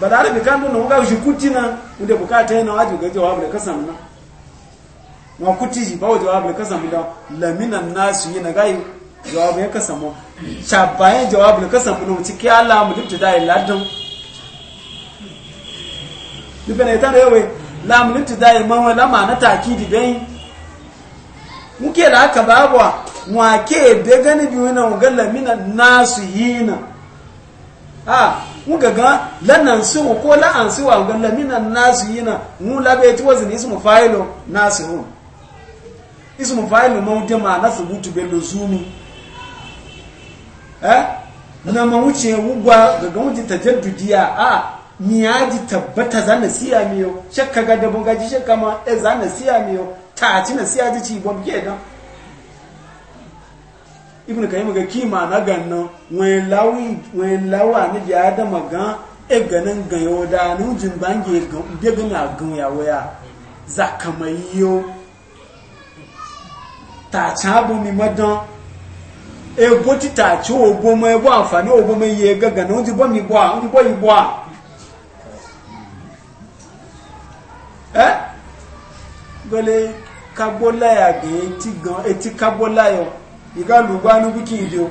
da bi kan nu ga shi kutina unde bukata yana waji ga jawabu da kasan na ma kuti ji ba jawabu da kasan da lamina nasu yana gayi jawabu ya kasan mu shabayin jawabin kasan wuce ciki Allah mu dubta da iladun dubana ita da yawa la da man wala ma na taki takidi bai muke da haka babwa wa ke be gani bi wannan galla mina nasu yina a mu gaga lannan su ko la an su wa galla mina nasu yina mu la bai ti wazin ismu fa'ilu nasu ismu fa'ilu mawdima nasu butu bil luzumi eh na ma wuce wugwa ga gaunji tajaddudiya a ni yaji tabbata za na siya miyo shakka ga da bungaji shakka ma e za na siya miyo ta ci na siya ji ci bom ke da ibnu kayyim ga kima na ganna wai lawi wai lawa ni da adama gan e ganin gayo da nu jin bange ga de gana gun ya waya zakamayo ta chabu mi madan ebo tita tí ó gbó ebo ẹgbọ́ àǹfàní ògbó mọ́ iye gẹ́gẹ̀ náà ti bọ́ mi bọ́ àwọn ìbọ́ ìbọ́ à ẹ́ gọ́lé kábóláyà gbé etí gan etí kábóláyọ̀ ìgbàlùgbà ní wíkì ìdí o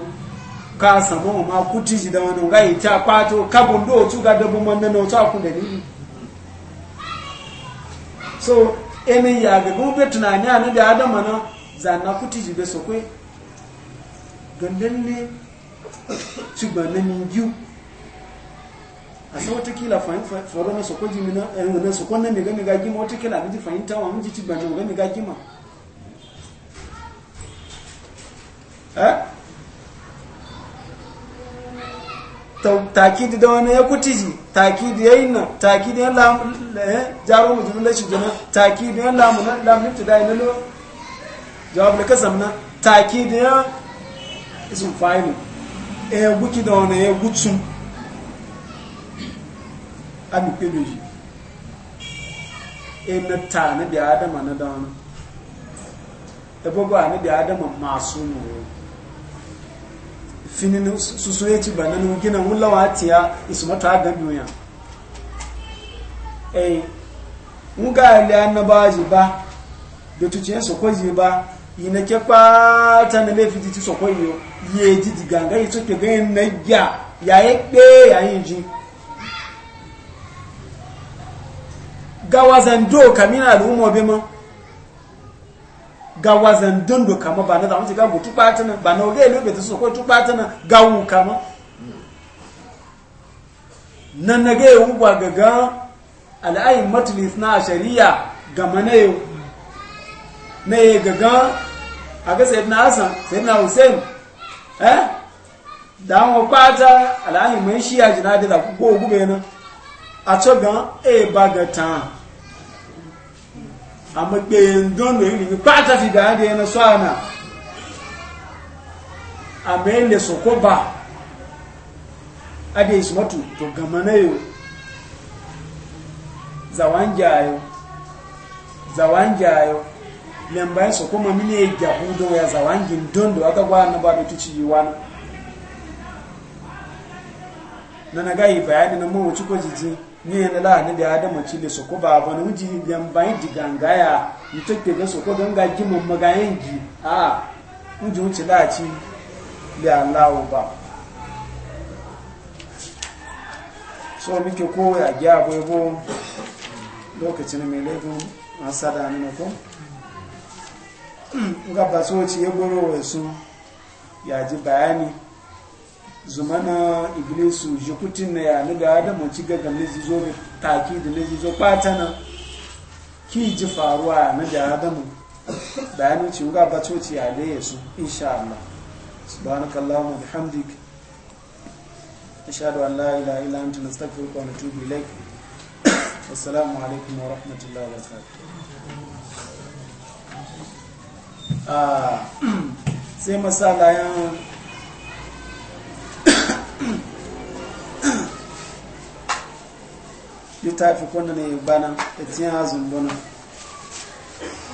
ká sàmọ́ wọn máa kú tíjì dáwọn náà gáyìí tí apá tó kábò ló tún ga dọ́gbọ́ mọ́ nínú tó àkúnlẹ̀ nínú so ẹni yàgbẹ̀gbọ́n bẹ̀ tùnà ní ànídẹ̀ ádámọ̀ náà zànà kú tíjì bẹ́ sọ pé ga ci tuba na mingiyu a sai watakila tsoro na sokoji jimina na sokon na mega mega gima watakila abin fahimta wa mun ji tuba na mega mega gima eh? takidi da wani ya kutiji da ya yi nan eh, da ya jaro mutum lashin jana da ya lamunan lamunan tudai na lo jawab da kasamna da ya ism fa'il e guki da wani ya gutsun abi pebeji e na ta na bi adama na da wani e a na bi adama masu mu Fini susu ya ci e, ba nan gina wulawa tiya ismata ga duniya eh muga ile annabaji ba da tuciyarsa kwaji ba ina ke kpata na laifi ti sọ pé yìí yìí èjì dìgàngá yìí tó kẹgbẹ́ iná yà yàyẹ pé yàyẹ jí gawazan do kamina al'umma bi ma gawazan dondo kama ba na zamu ti gago kpata na ba na oge ilu beti sọ tu kpata na gawu kama nan na ga yi wugwa gaga al'ayin matulif na shari'a ga yau. na ya gaga a ga sayyidina hassan sayyidina hussein eh da wọn pata alahi mai shi ya jina da ko gube na a to gan e ba ga ta a magbe don da yi pata fi da hadi na swana a mai le so ko ba ade shi matu to gama na yau zawan jayo zawan jayo memba yeso kuma mine ya hudo ya zawangi ndondo akagwana bado tuchiyiwana nana gayi bayani na mu chiko jiji ni na la ni da adamu chile soko baba na uji memba yi ganga ya mutake ga soko ganga ji mun magayengi a uji uchi la chi da Allah ba so mike ko ya gya bo lokacin mai asada nga ba so ci yegoro wesu ya ji bayani zumana iblisu jikutin na ya ni da adamu ci ga gamle zo bi taki da ne zo zizo na ki ji faruwa na da adamu bayani ci nga ba so ci ya le yesu insha Allah subhanakallahu wa bihamdik ashhadu an la ilaha illa anta إلا wa نستغفرك ilaik assalamu alaikum wa rahmatullahi wa barakatuh Ah, sai masala yan littafi kwanan ne bana da tiyan hazin bana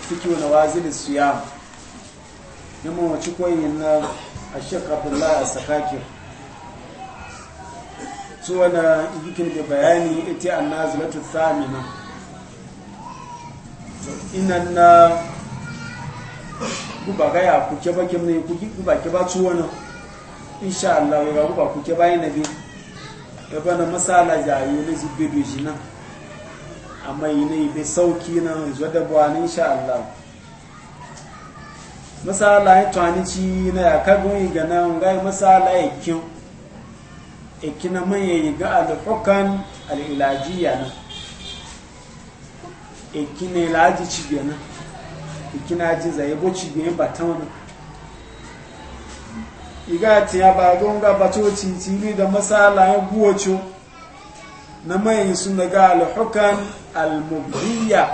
wani na wazili su ya yi mawaci kwayoyin na a shekafin a sakakir su wani ikikin da bayani ita annazilatu samina inan na guba ga ya ku ke ba ke ne ku ba ke ba tuwo na insha Allah ya ba ku ke bayin nabi ya bana masala ya yi ne su be be na amma yi ne be sauki na zuwa da buwa ne insha Allah masala ya tani ci na ya kagun yi ga nan ga masala ya kin ikina man ya yi ga alhukan al'ilajiya na ikina ilaji ci ga nan ikina ji zaye boci biyan batan wani iga tiya ba gonga titi tili da masala ya guwacho na mai na daga alhukan almubdiya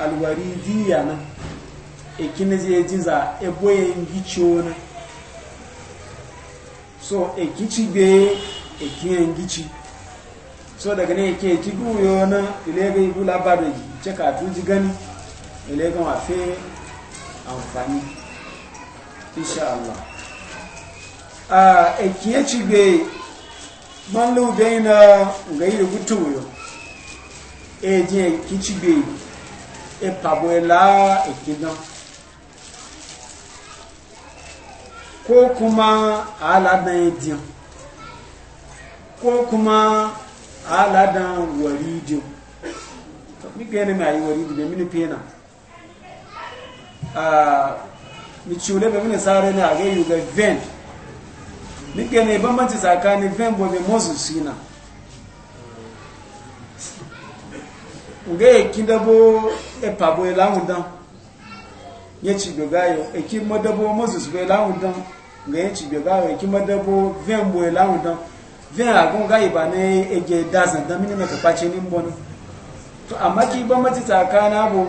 alwaridiya na ikina ji ji za eboyen gicho na so ekici be ekiyen gici so daga ne ke ki guyo na ile ibu labarai ce ka tuji gani ile wa mafe amfani insha Allah a ekiye cigbe man lube na ga yi rubutu yo e je ki cigbe e pabuela ekidan ko kuma aladan edin ko kuma aladan waridin mika waridu da mini pena Ah, mi ciule be mini sare ne aga yu ga ven ni ke ne bambanci tsakanin ven bo be moses sina nga ekinda bo epa bo elahun dan nye cigbe gayo eki madabo moses bo elahun dan nga ye cigbe gayo eki bo ven bo elahun dan ven agun gayi ba ne ege dazan dan mini na kapace ni mbona to amma ki bambanci tsakanin abu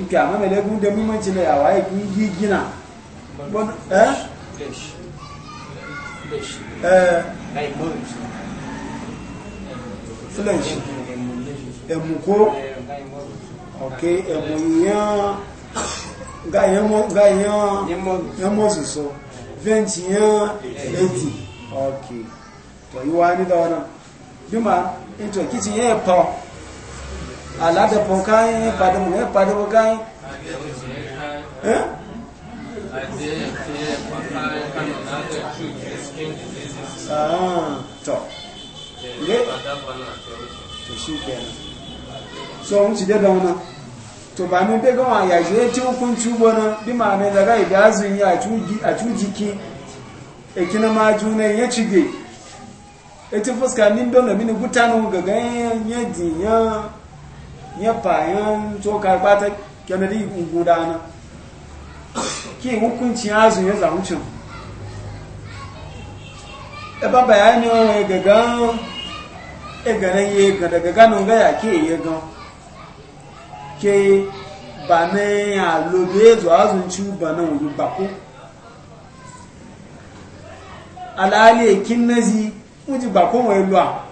nke a mamele gun da muhimmanci na yawa ya kun yi gina eh? flesh ẹ̀mù kó ọ̀kẹ́ ẹ̀mù yán gáyán ẹmọ́sù sọ vẹ́ntì yán ẹ̀tì ọ̀kẹ́ tọ̀yíwá nílọ́ọ̀nà bí ma ń tọ̀ kí ti yẹ́ ala da pokai pada mu eh, pada pokai eh? ah to ne to shi so mun ci da wannan to ba mun bega wa ya je kun ci bona bi ma ne daga ya a tujiki e kina ma juna ya cige e ti fuska nin don da mini gutanu ga ganyen yadi ya tso e ya fayan tsoka bata kyanari gudana ki hukunci azun ya zamucin eba bayani wani gaga egaran ya ga daga ganin gaya ke ya gan ke ba na ya lobe zuwa azun ci ba na wuri bako alali e kin nazi uji bako wani luwa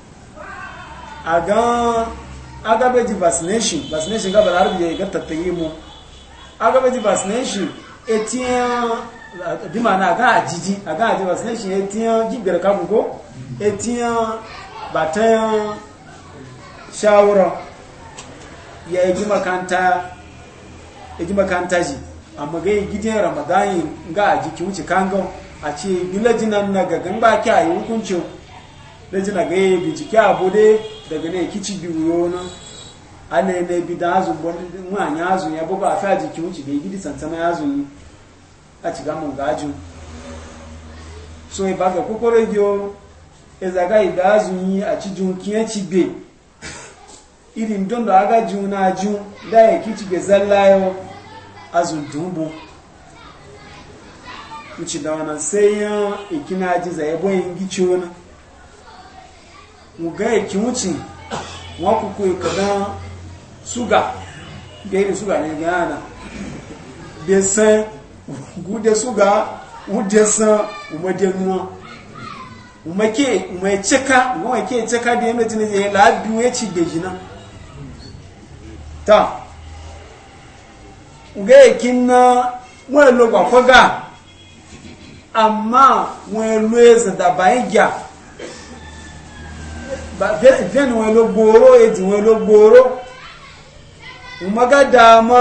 a aga agabe vaccination vaccination gaba arabi ya ga tattayi mu agabe ji vaccination etiyan bi mana aga ajiji aga aji vaccination etiyan jibgar kabugo etiyan batayan shawara ya yi makanta ya ji makanta ji amma ga yi gidan ramadani ga aji ki wuce kangon a ce gilajinan na gagan ba ki a yi hukuncin lajina ga yi bincike abu dai daga ne kici biyu na ana ne bi da azu bon mu ya azu ya buga fa ji ki wuce bai gidi santama ya azu yi a ci ga mun so e baga kokoro e yo e zaga i e da azu ni a ci jun ki e ci be iri don da aga jun na jun da ya kici be zallayo azu dumbu mu ci da wannan sai ya ikina ji za ya boyin gicho na ga yake wuce wa ku ikana suga da suga ne ga yana san gude suga wude san umade nuwa umake mai cika umake cika da yamma tinin ya labiyu ya ci da jina ta ga yake na wani lokwa kwaga amma wani lo ya bayan gya fẹ́ni wọn ló gbòòrò èjì wọn ló gbòòrò magada ma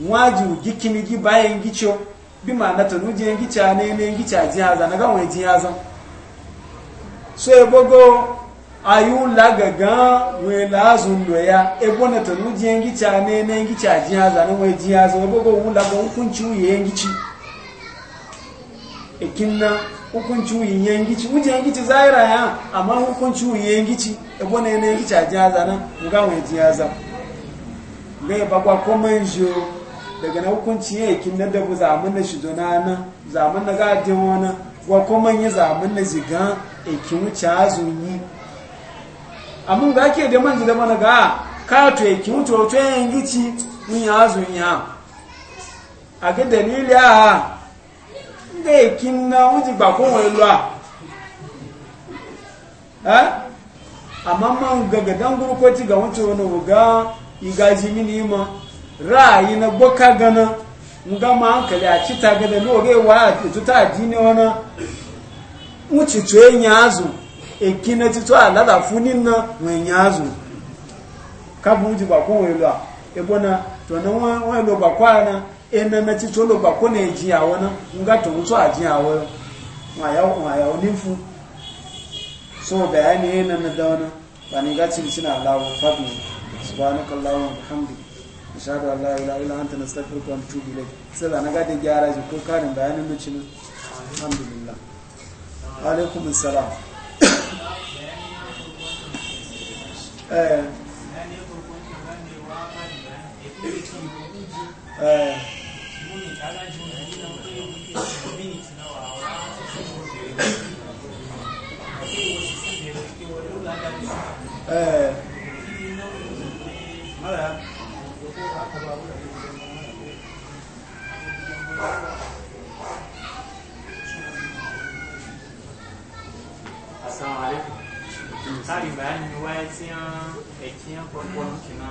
wọn á jù bayan gícho bí ma na tanu jẹ́ gícha ní ilé gícha jí haza na gáwọn jí haza so ebogo ayu lagagan wọn láàzù lọ ya ebo na tanu jẹ́ gícha ní ilé gícha jí haza na wọn jí haza ebogo wọn lagun kunci yẹ Ekinna hukunci yin yangici wuce yangici zaira ya amma hukunci yin yangici ebo na yana yangici a jiyaza nan muga wani jiyaza gai bagwa kuma jiyo daga na hukunci ya na dabu zamun na shi zona na zamun na gadin wani wa kuma yi zamun na ziga ikin wuce zuni amma ga ke da manzu da mana ga kato to ikin wuce wato yangici a zuni ha a ga dalili a nga eki nna wọn ti gbà kó wọn lọ a amma man gaga danguru ko ti ga wuce wani wuga igaji mini ma ra'ayi na boka gana nga ma hankali a cita gada loge wa a tuta adini wana wuce tuye nyazu eki na tuto a lada funin na wani nyazu kabu wuce ba ko wani lọ a ebo na to na wani lọ ba ena na ti tí ba ko ne kó ní na nga to so a tó awon ma ya ma ya oni so bẹ̀rẹ̀ ní da wana ba ni ga ci sina Allah wa fabi subhanakallahu wa bihamdika ashhadu an la ilaha illa anta nastaghfiruka wa natubu ilayk sai da na ga da gyara ji ko karin bayanin da cinin alhamdulillah alaikum assalam eh eh Assalamu alaikum. Tsari bayanin wayar tsiyan da eh, kiyan kwakwan kina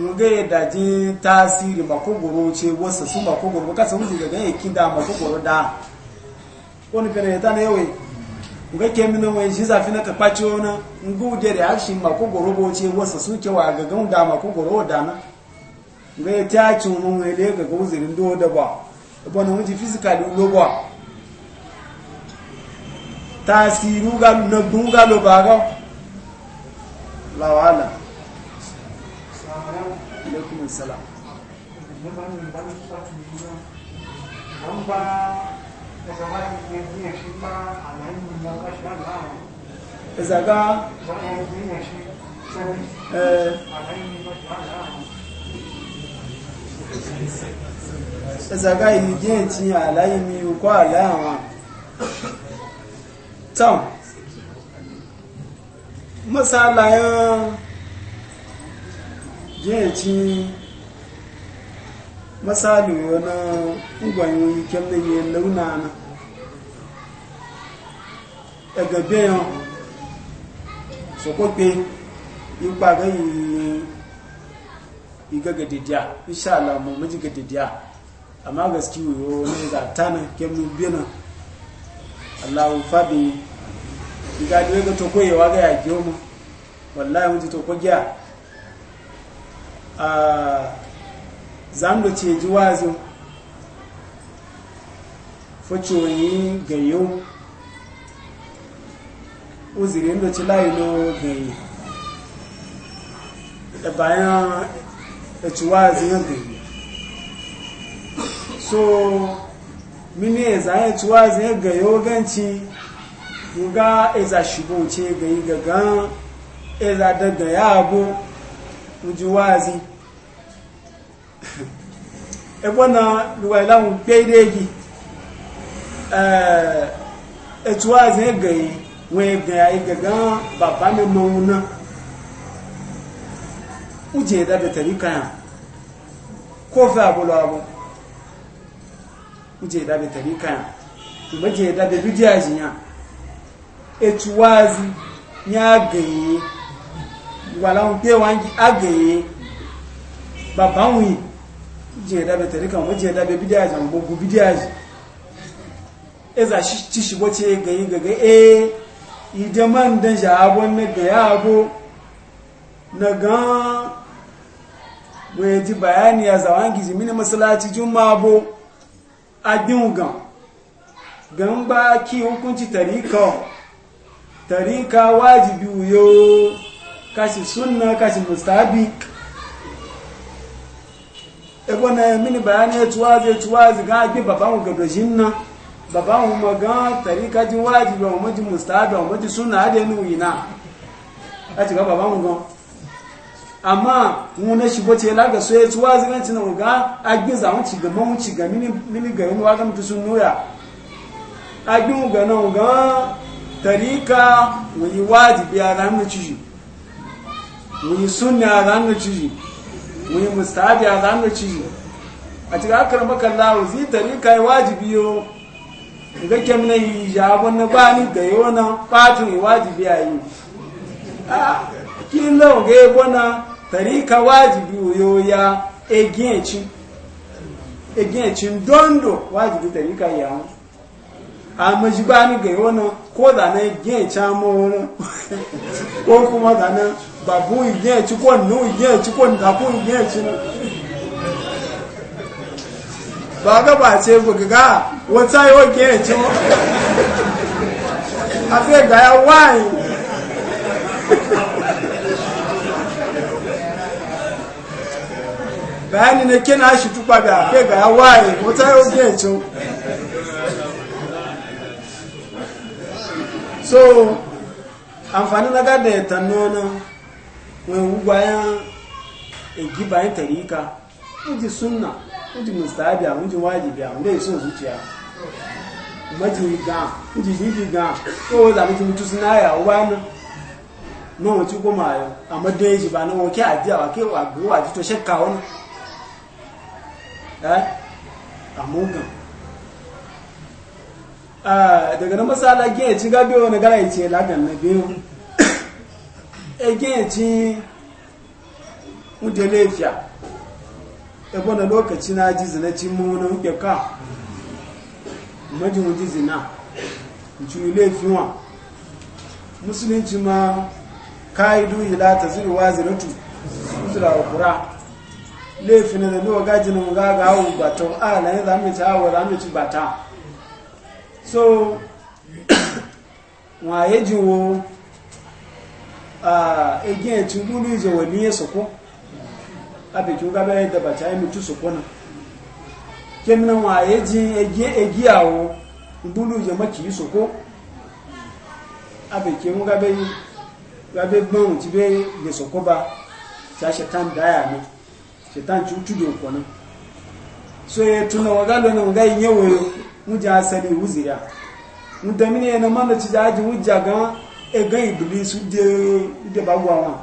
nga ya daji tasiri makogoro ce wasu su makogoro ka sun zuga ga yakin da makogoro da wani kare ya tana yawai nga ke min wai shi zafi na kapaci wani ngu de reaction makogoro bo ce wasu su ke wa gagan da makogoro da na nga ya ta ci mun wai le ga guzirin do da ba bana wuji physically lo ba ga na dunga lo lawala alaikum salam zaga eh. zaga yi jẹ́ tí àláyé mi kọ́ àlá àwọn tán jiya ci misali wani ugbanyoyi kemgbe ne launa na daga biyan sokope ipa gayi igaga didiya insha Allah mu miji gaski yo ne ga tana kemgbe biyan Allahu fabi iga diwe ga ga ya gyo wallahi mun ji a zando ce ji wazin facoyi gayo uzirin da ci layino yi da bayan da ci wazin yi so mini ya zaya ci wazin gayo ganci ga iza shigo ce yi gagan iza daga yago nji wazi ebona luwai lahun peidegi etu wazi egayi wee gaya igagan baba mi mawun na uje da da tarika ya ko fi abu abu uje da da tarika ya kuma je da da bidiyaji ya etu wazi ya gaye wala hun pe wan gi agaye baba wi je kan wo je da be bidiya jan bo bu bidiya ji eza shi ci shi bo ce ne ga ya na gan we bayani ya zawan gizi masalaci masallaci juma'a bo adin gan gan ba ki hukunci tarika tarika wajibi yo Kasi sunna kasi mustahabi ebo na mini bayani ya tuwazi ya tuwazi ga abi baban ga dojin nan baban mu maga tarika jin wajibi wa maji mustahabi wa maji sunna hade nuyi na a ci ga baban Ama amma mu na shi bace la ga soye tuwa zigan cin mu ga agin za mu ci ga mu mini mini ga mu ga mutu sun noya agin mu ga nan ga tarika mu yi wajibi ya zamu ci shi muyi sunna a zanu ciji muyi mustadi a zanu ciji a cikin akar lawo zi tarika yi wajibi yo ga kem na yi jabon na bani ga yi wani fatin yi wajibi a yi a kin lau ga yi bona tarika wajibi yo ya egiyanci egiyancin e e dondo wajibi tarika A amma ji bani ga yi wani ko da na egiyanci e amma wani ko kuma da na babu ìgbẹ́ ẹ̀tí kò nuu ìgbẹ́ ẹ̀tí kò nù àkú ìgbẹ́ ẹ̀tí nù bàgàbà àti egbò gíga wọ́n táyé ó ẹ̀tí wọ́n àti ẹ̀gbà ya wáyé báyá nínú kí náà ṣì àti ẹ̀gbà ya so àǹfààní lágádẹ̀ ẹ̀tàn náà wai bayan egi bayan tarika wuji sunna wuji mustahabiya wuji ndị wanda ya ndị zuciya maji ga wuji jiji ga ko za mu mutu suna ya na wuci goma yau amma ya ji ba na adị ajiya wake wa ji to shakka wani ee eh, amugan ah, na masala gina ci gabe wani gara ya ce lagan na again ji mude lafiya ebe na lokaci na ji zina ci ka majin ji zina cini musulunci ma ka'idu ila ta zuru wa ziratu zura kura na da ni waga jinin gaga hau baton a na yi zami ta hawa zami ci bata so waye jiwo a egin etu mulu izo wani ya soko abe ki ga bai da bata yi mutu soko na kemna wa eji egi egi awo mulu izo maki soko abe ki mu ga bai ga bai gbon ti bai ya soko ba ta shaitan daya ne shaitan cutu da kwanan so ya tuna wagalo na wagayin yawo mu ja asali wuzira mu da mini yana mana ci da ajin wujja gan ẹ̀gán ìbìlísù dẹ̀bàgbà wọn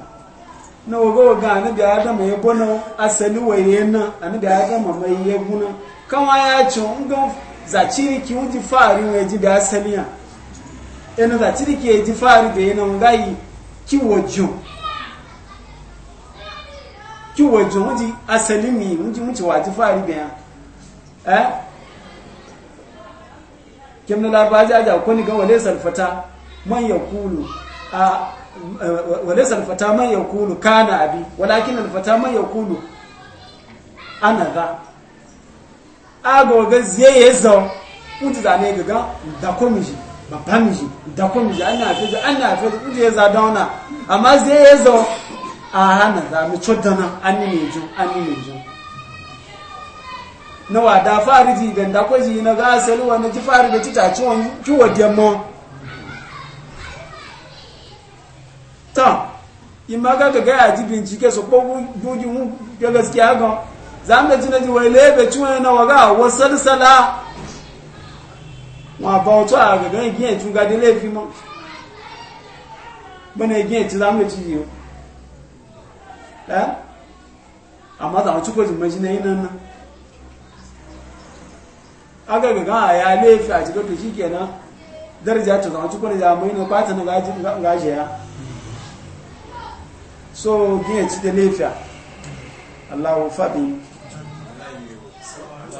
na ogoga anabi adam ya bono asali waye na anabi ma mai ya guna kan ya ce ngan zaciri ki wuji fari wa ji da asaliya ina zaciri ki ji fari da yana ngai ki wajo ki wajo wuji asali mi wuji wuji wa ji fari da ya eh kemna labaja ja ko ni ga wale salfata man yaqulu a walaysa alfata man yaqulu kana abi walakin alfata man yaqulu ana za agoga zeyezo mutu zane gaga da komiji babban miji da komiji ana fezu ana fezu kuje za dauna amma zeyezo a hana da mu chodana ani ne jo anni ne da na wada fariji da da kwaji na ga asalu wa na ji fari ta titaci won kiwo demo ta ima ga ga ya ji bincike su ko guji mu ga gaskiya ga za mu ji na ji wai lebe ciwon na waga wa salsala wa ba wato a ga ganin giyan tun gadi laifi ma bana giyan ci za mu ci yiwu eh amma za mu ci ji jimaji na yi nan nan aga ga ga ya laifi a cikin to shi kenan daraja ta zama cikin da mai na kwata na gaji ya so gíyẹ̀ tí délé ìfẹ́ aláwọ̀ fàbí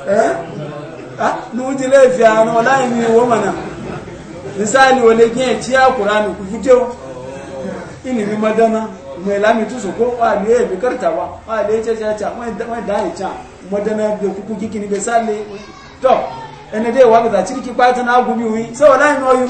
ẹ́ ní ó délé ìfẹ́ àwọn ni owó mana misali wọlé gíyẹ̀ tí a kùrá ní kùfú jẹ́ inìrí madana mi tu tusu ko wàlé ẹ̀bí kartawa wàlé cẹ́cẹ́cẹ́ wọ́n dáyẹ̀ can madana bẹ kúkú kíkì ní bẹ sáàlẹ̀ tọ́ ẹni dẹ́ wà bẹ̀ta církì pátánà agumi ni sọ́wọ́ láìní ọyún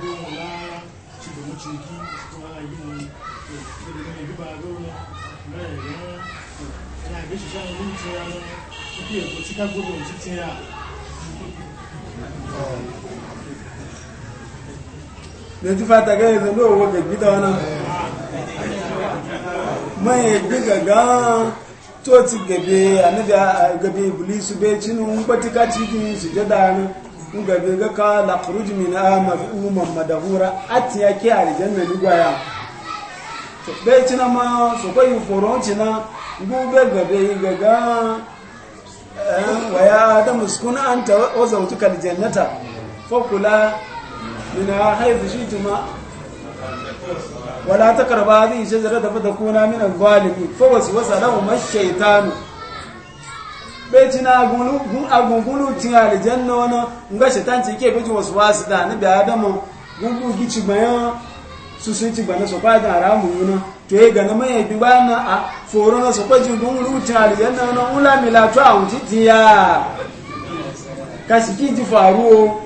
gbé wọn lára tí lòun ṣe kí wọn láyé wọn lórí ní ìlú ti ti rà. lójú fata gẹ́gẹ́ tó lóòwò gbẹ̀gbítọ̀ náà mọ́ ẹ̀gbẹ́ gàgán gabe ga ka na kuruji min a mafi umar madahura ke a rijanna duba ya to bai ci na ma so kwa yi foro ci na gube gabe yi ga eh, wa ya da muskuna an ta oza wutu ka rijannata fokula min a haifu shi wala ta karba zai shi zara tafi da kuna min a gwalimi fokus wasa na umar shaitanu beji na agungulu tin alijanna wana nga shetan ti ke beji wasu wasu da ni bi adamu gungu gi ti gbayan susu ti gbana so pa da aramu yuna to e gana mai bi ba na a foro na so pa ji gungu tin alijanna wana ula mi la to awun ti ti ya kasi ki ti faru o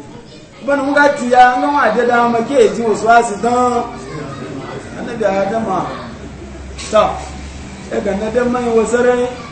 bana nga ti ya nga wa de da ma ke ji wasu wasu dan annabi adamu ta e gana da mai wasare.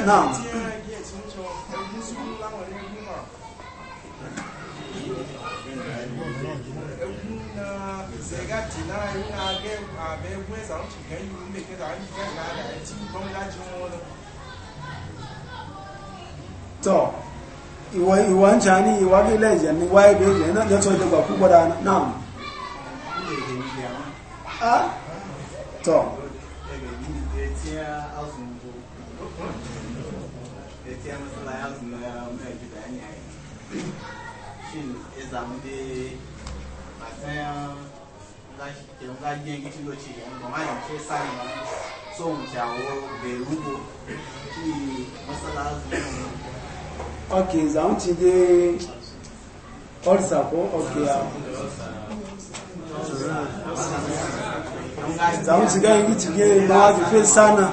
Naam. Ah. gaskiya matsala ya zama muna ji bayani a yanzu shin ya zamu dai ba ta yan gashi ke yan gashi yan gishi lo ci yan goma yan ce sa ok um orsa ok ya um um yi sana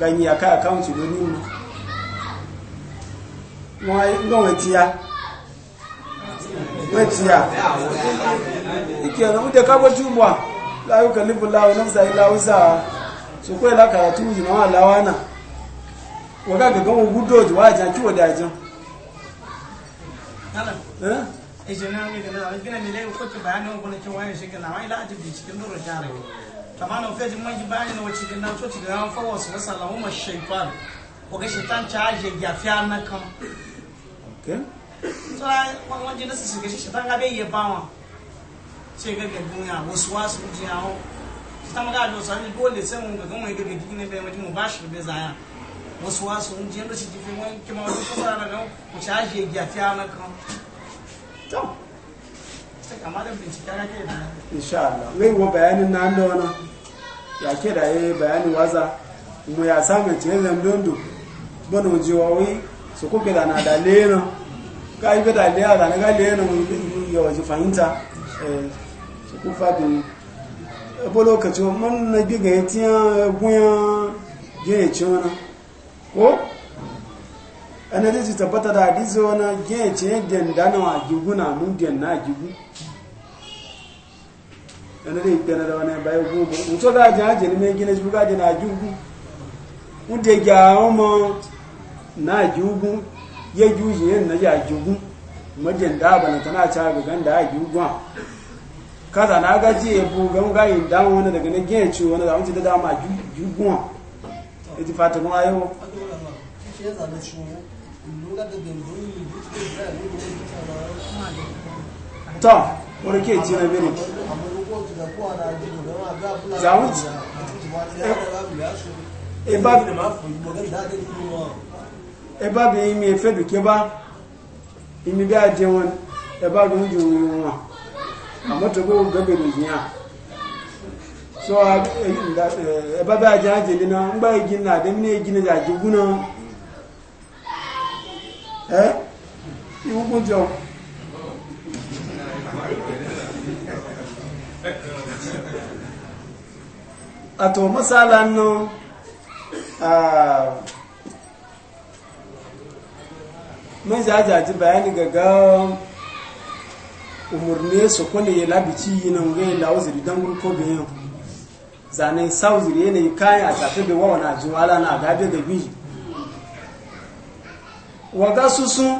ganyi ya kai akawunci don yi mu wọn tiya wọn tiya ike yana mute kabo jubwa kan kalibu lawa na sai ila wusa so ko la ka karatu ji na lawa na ga go gudo ji wa ja ki kiwo da ajan ejonan ne da na wani gina ne lai kwace bayanin wa ni shi shiga lawa ila ti bi cikin ndoro jare tamana ofeji manji bani na wachi gina to ci gawan fa wasu wasa la umma shaytan ko ga ta aje ya fi an kan okay to ai wannan jina su ga shaytan ga bai ya bawa ce ga ga duniya wasu wasu ji hawo ta maga do san dole sai mun ga gan wai ga gidi ne bai mutum bashi bai zaya wasu wasu mun ji fi wani kuma wasu kusa da ga ku ta ya fi an kan to insha Allah ngai go bayanin nan da wana ya ke da yayi bayanin waza mu ya samu ce zan dondo bano jiwawi su kuke da na da lena ka yi da lena da na lena mu ya waje fahimta eh su ku fadi ebo lokaci man na giga yatiya gunya je ya ci wana ko ana da tabbata da hadisi wani gece den dana wa na nun den na gigu ana da na da wani bayan gugu mutu da ajiyar ajiyar mai gina na gigu ude ga omo na gigu ya gigu yin na ya gigu majin da tana ca gugan da na kaza na gaji ya bugan gayin dama daga na gece da da ji ta wani ike ci na biri zawuci ẹba bí i mi ẹfẹ́ dùkẹ́ bá ime bí a jẹ wọn ẹba dùn jù wọn àmọ́ tó gbogbo so ẹba a jẹ ajẹ́ na mgbe igi na dẹ́mí ní ẹ́ ìwúkún jọ àtò mọ́sálà nù mun ajaji bayani gaga umarni su kone ya labici yi nan gai lawuziri don gurko bayan zanen sauziri yanayi kayan a tafi da wawan ajiwala na gabe da biyu waga susun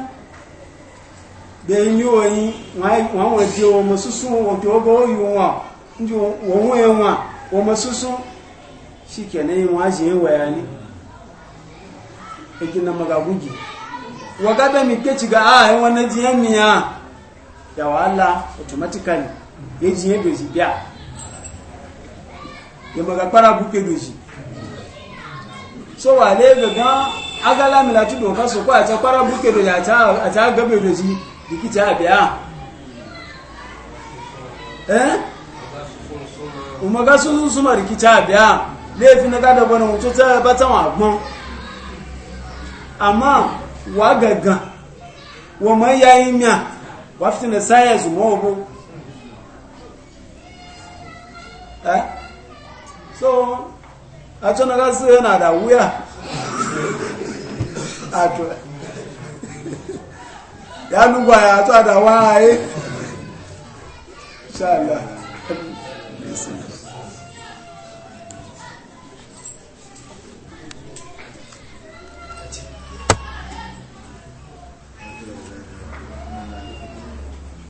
bẹ̀yìn oyin wọn wọ́n di ọmọ susun wọn tí ó bọ́ oyin wọn ní wọ́n wọ́n ẹ̀wọ̀n ọmọ susun sí kẹ̀ẹ́ wọn á sì ń wẹ̀yà ní ẹgbẹ́ na magagugi waga ga a ẹ̀wọ̀n na jí ẹ̀mí ya yà automatically yẹ jí ẹ̀ dòjì so wa le gaga agala mi lati doka so ko ata para buke do ata ata gabe do ji dikita abia eh umaga so so ma dikita abia le fi na ga da bona mutu ta ba ta wa gbon amma wa gaga wa ya yi miya wa fitina science mo bo eh so a tuna gasu yana da wuya a tuna ya nugwa ya tuna waye sha Allah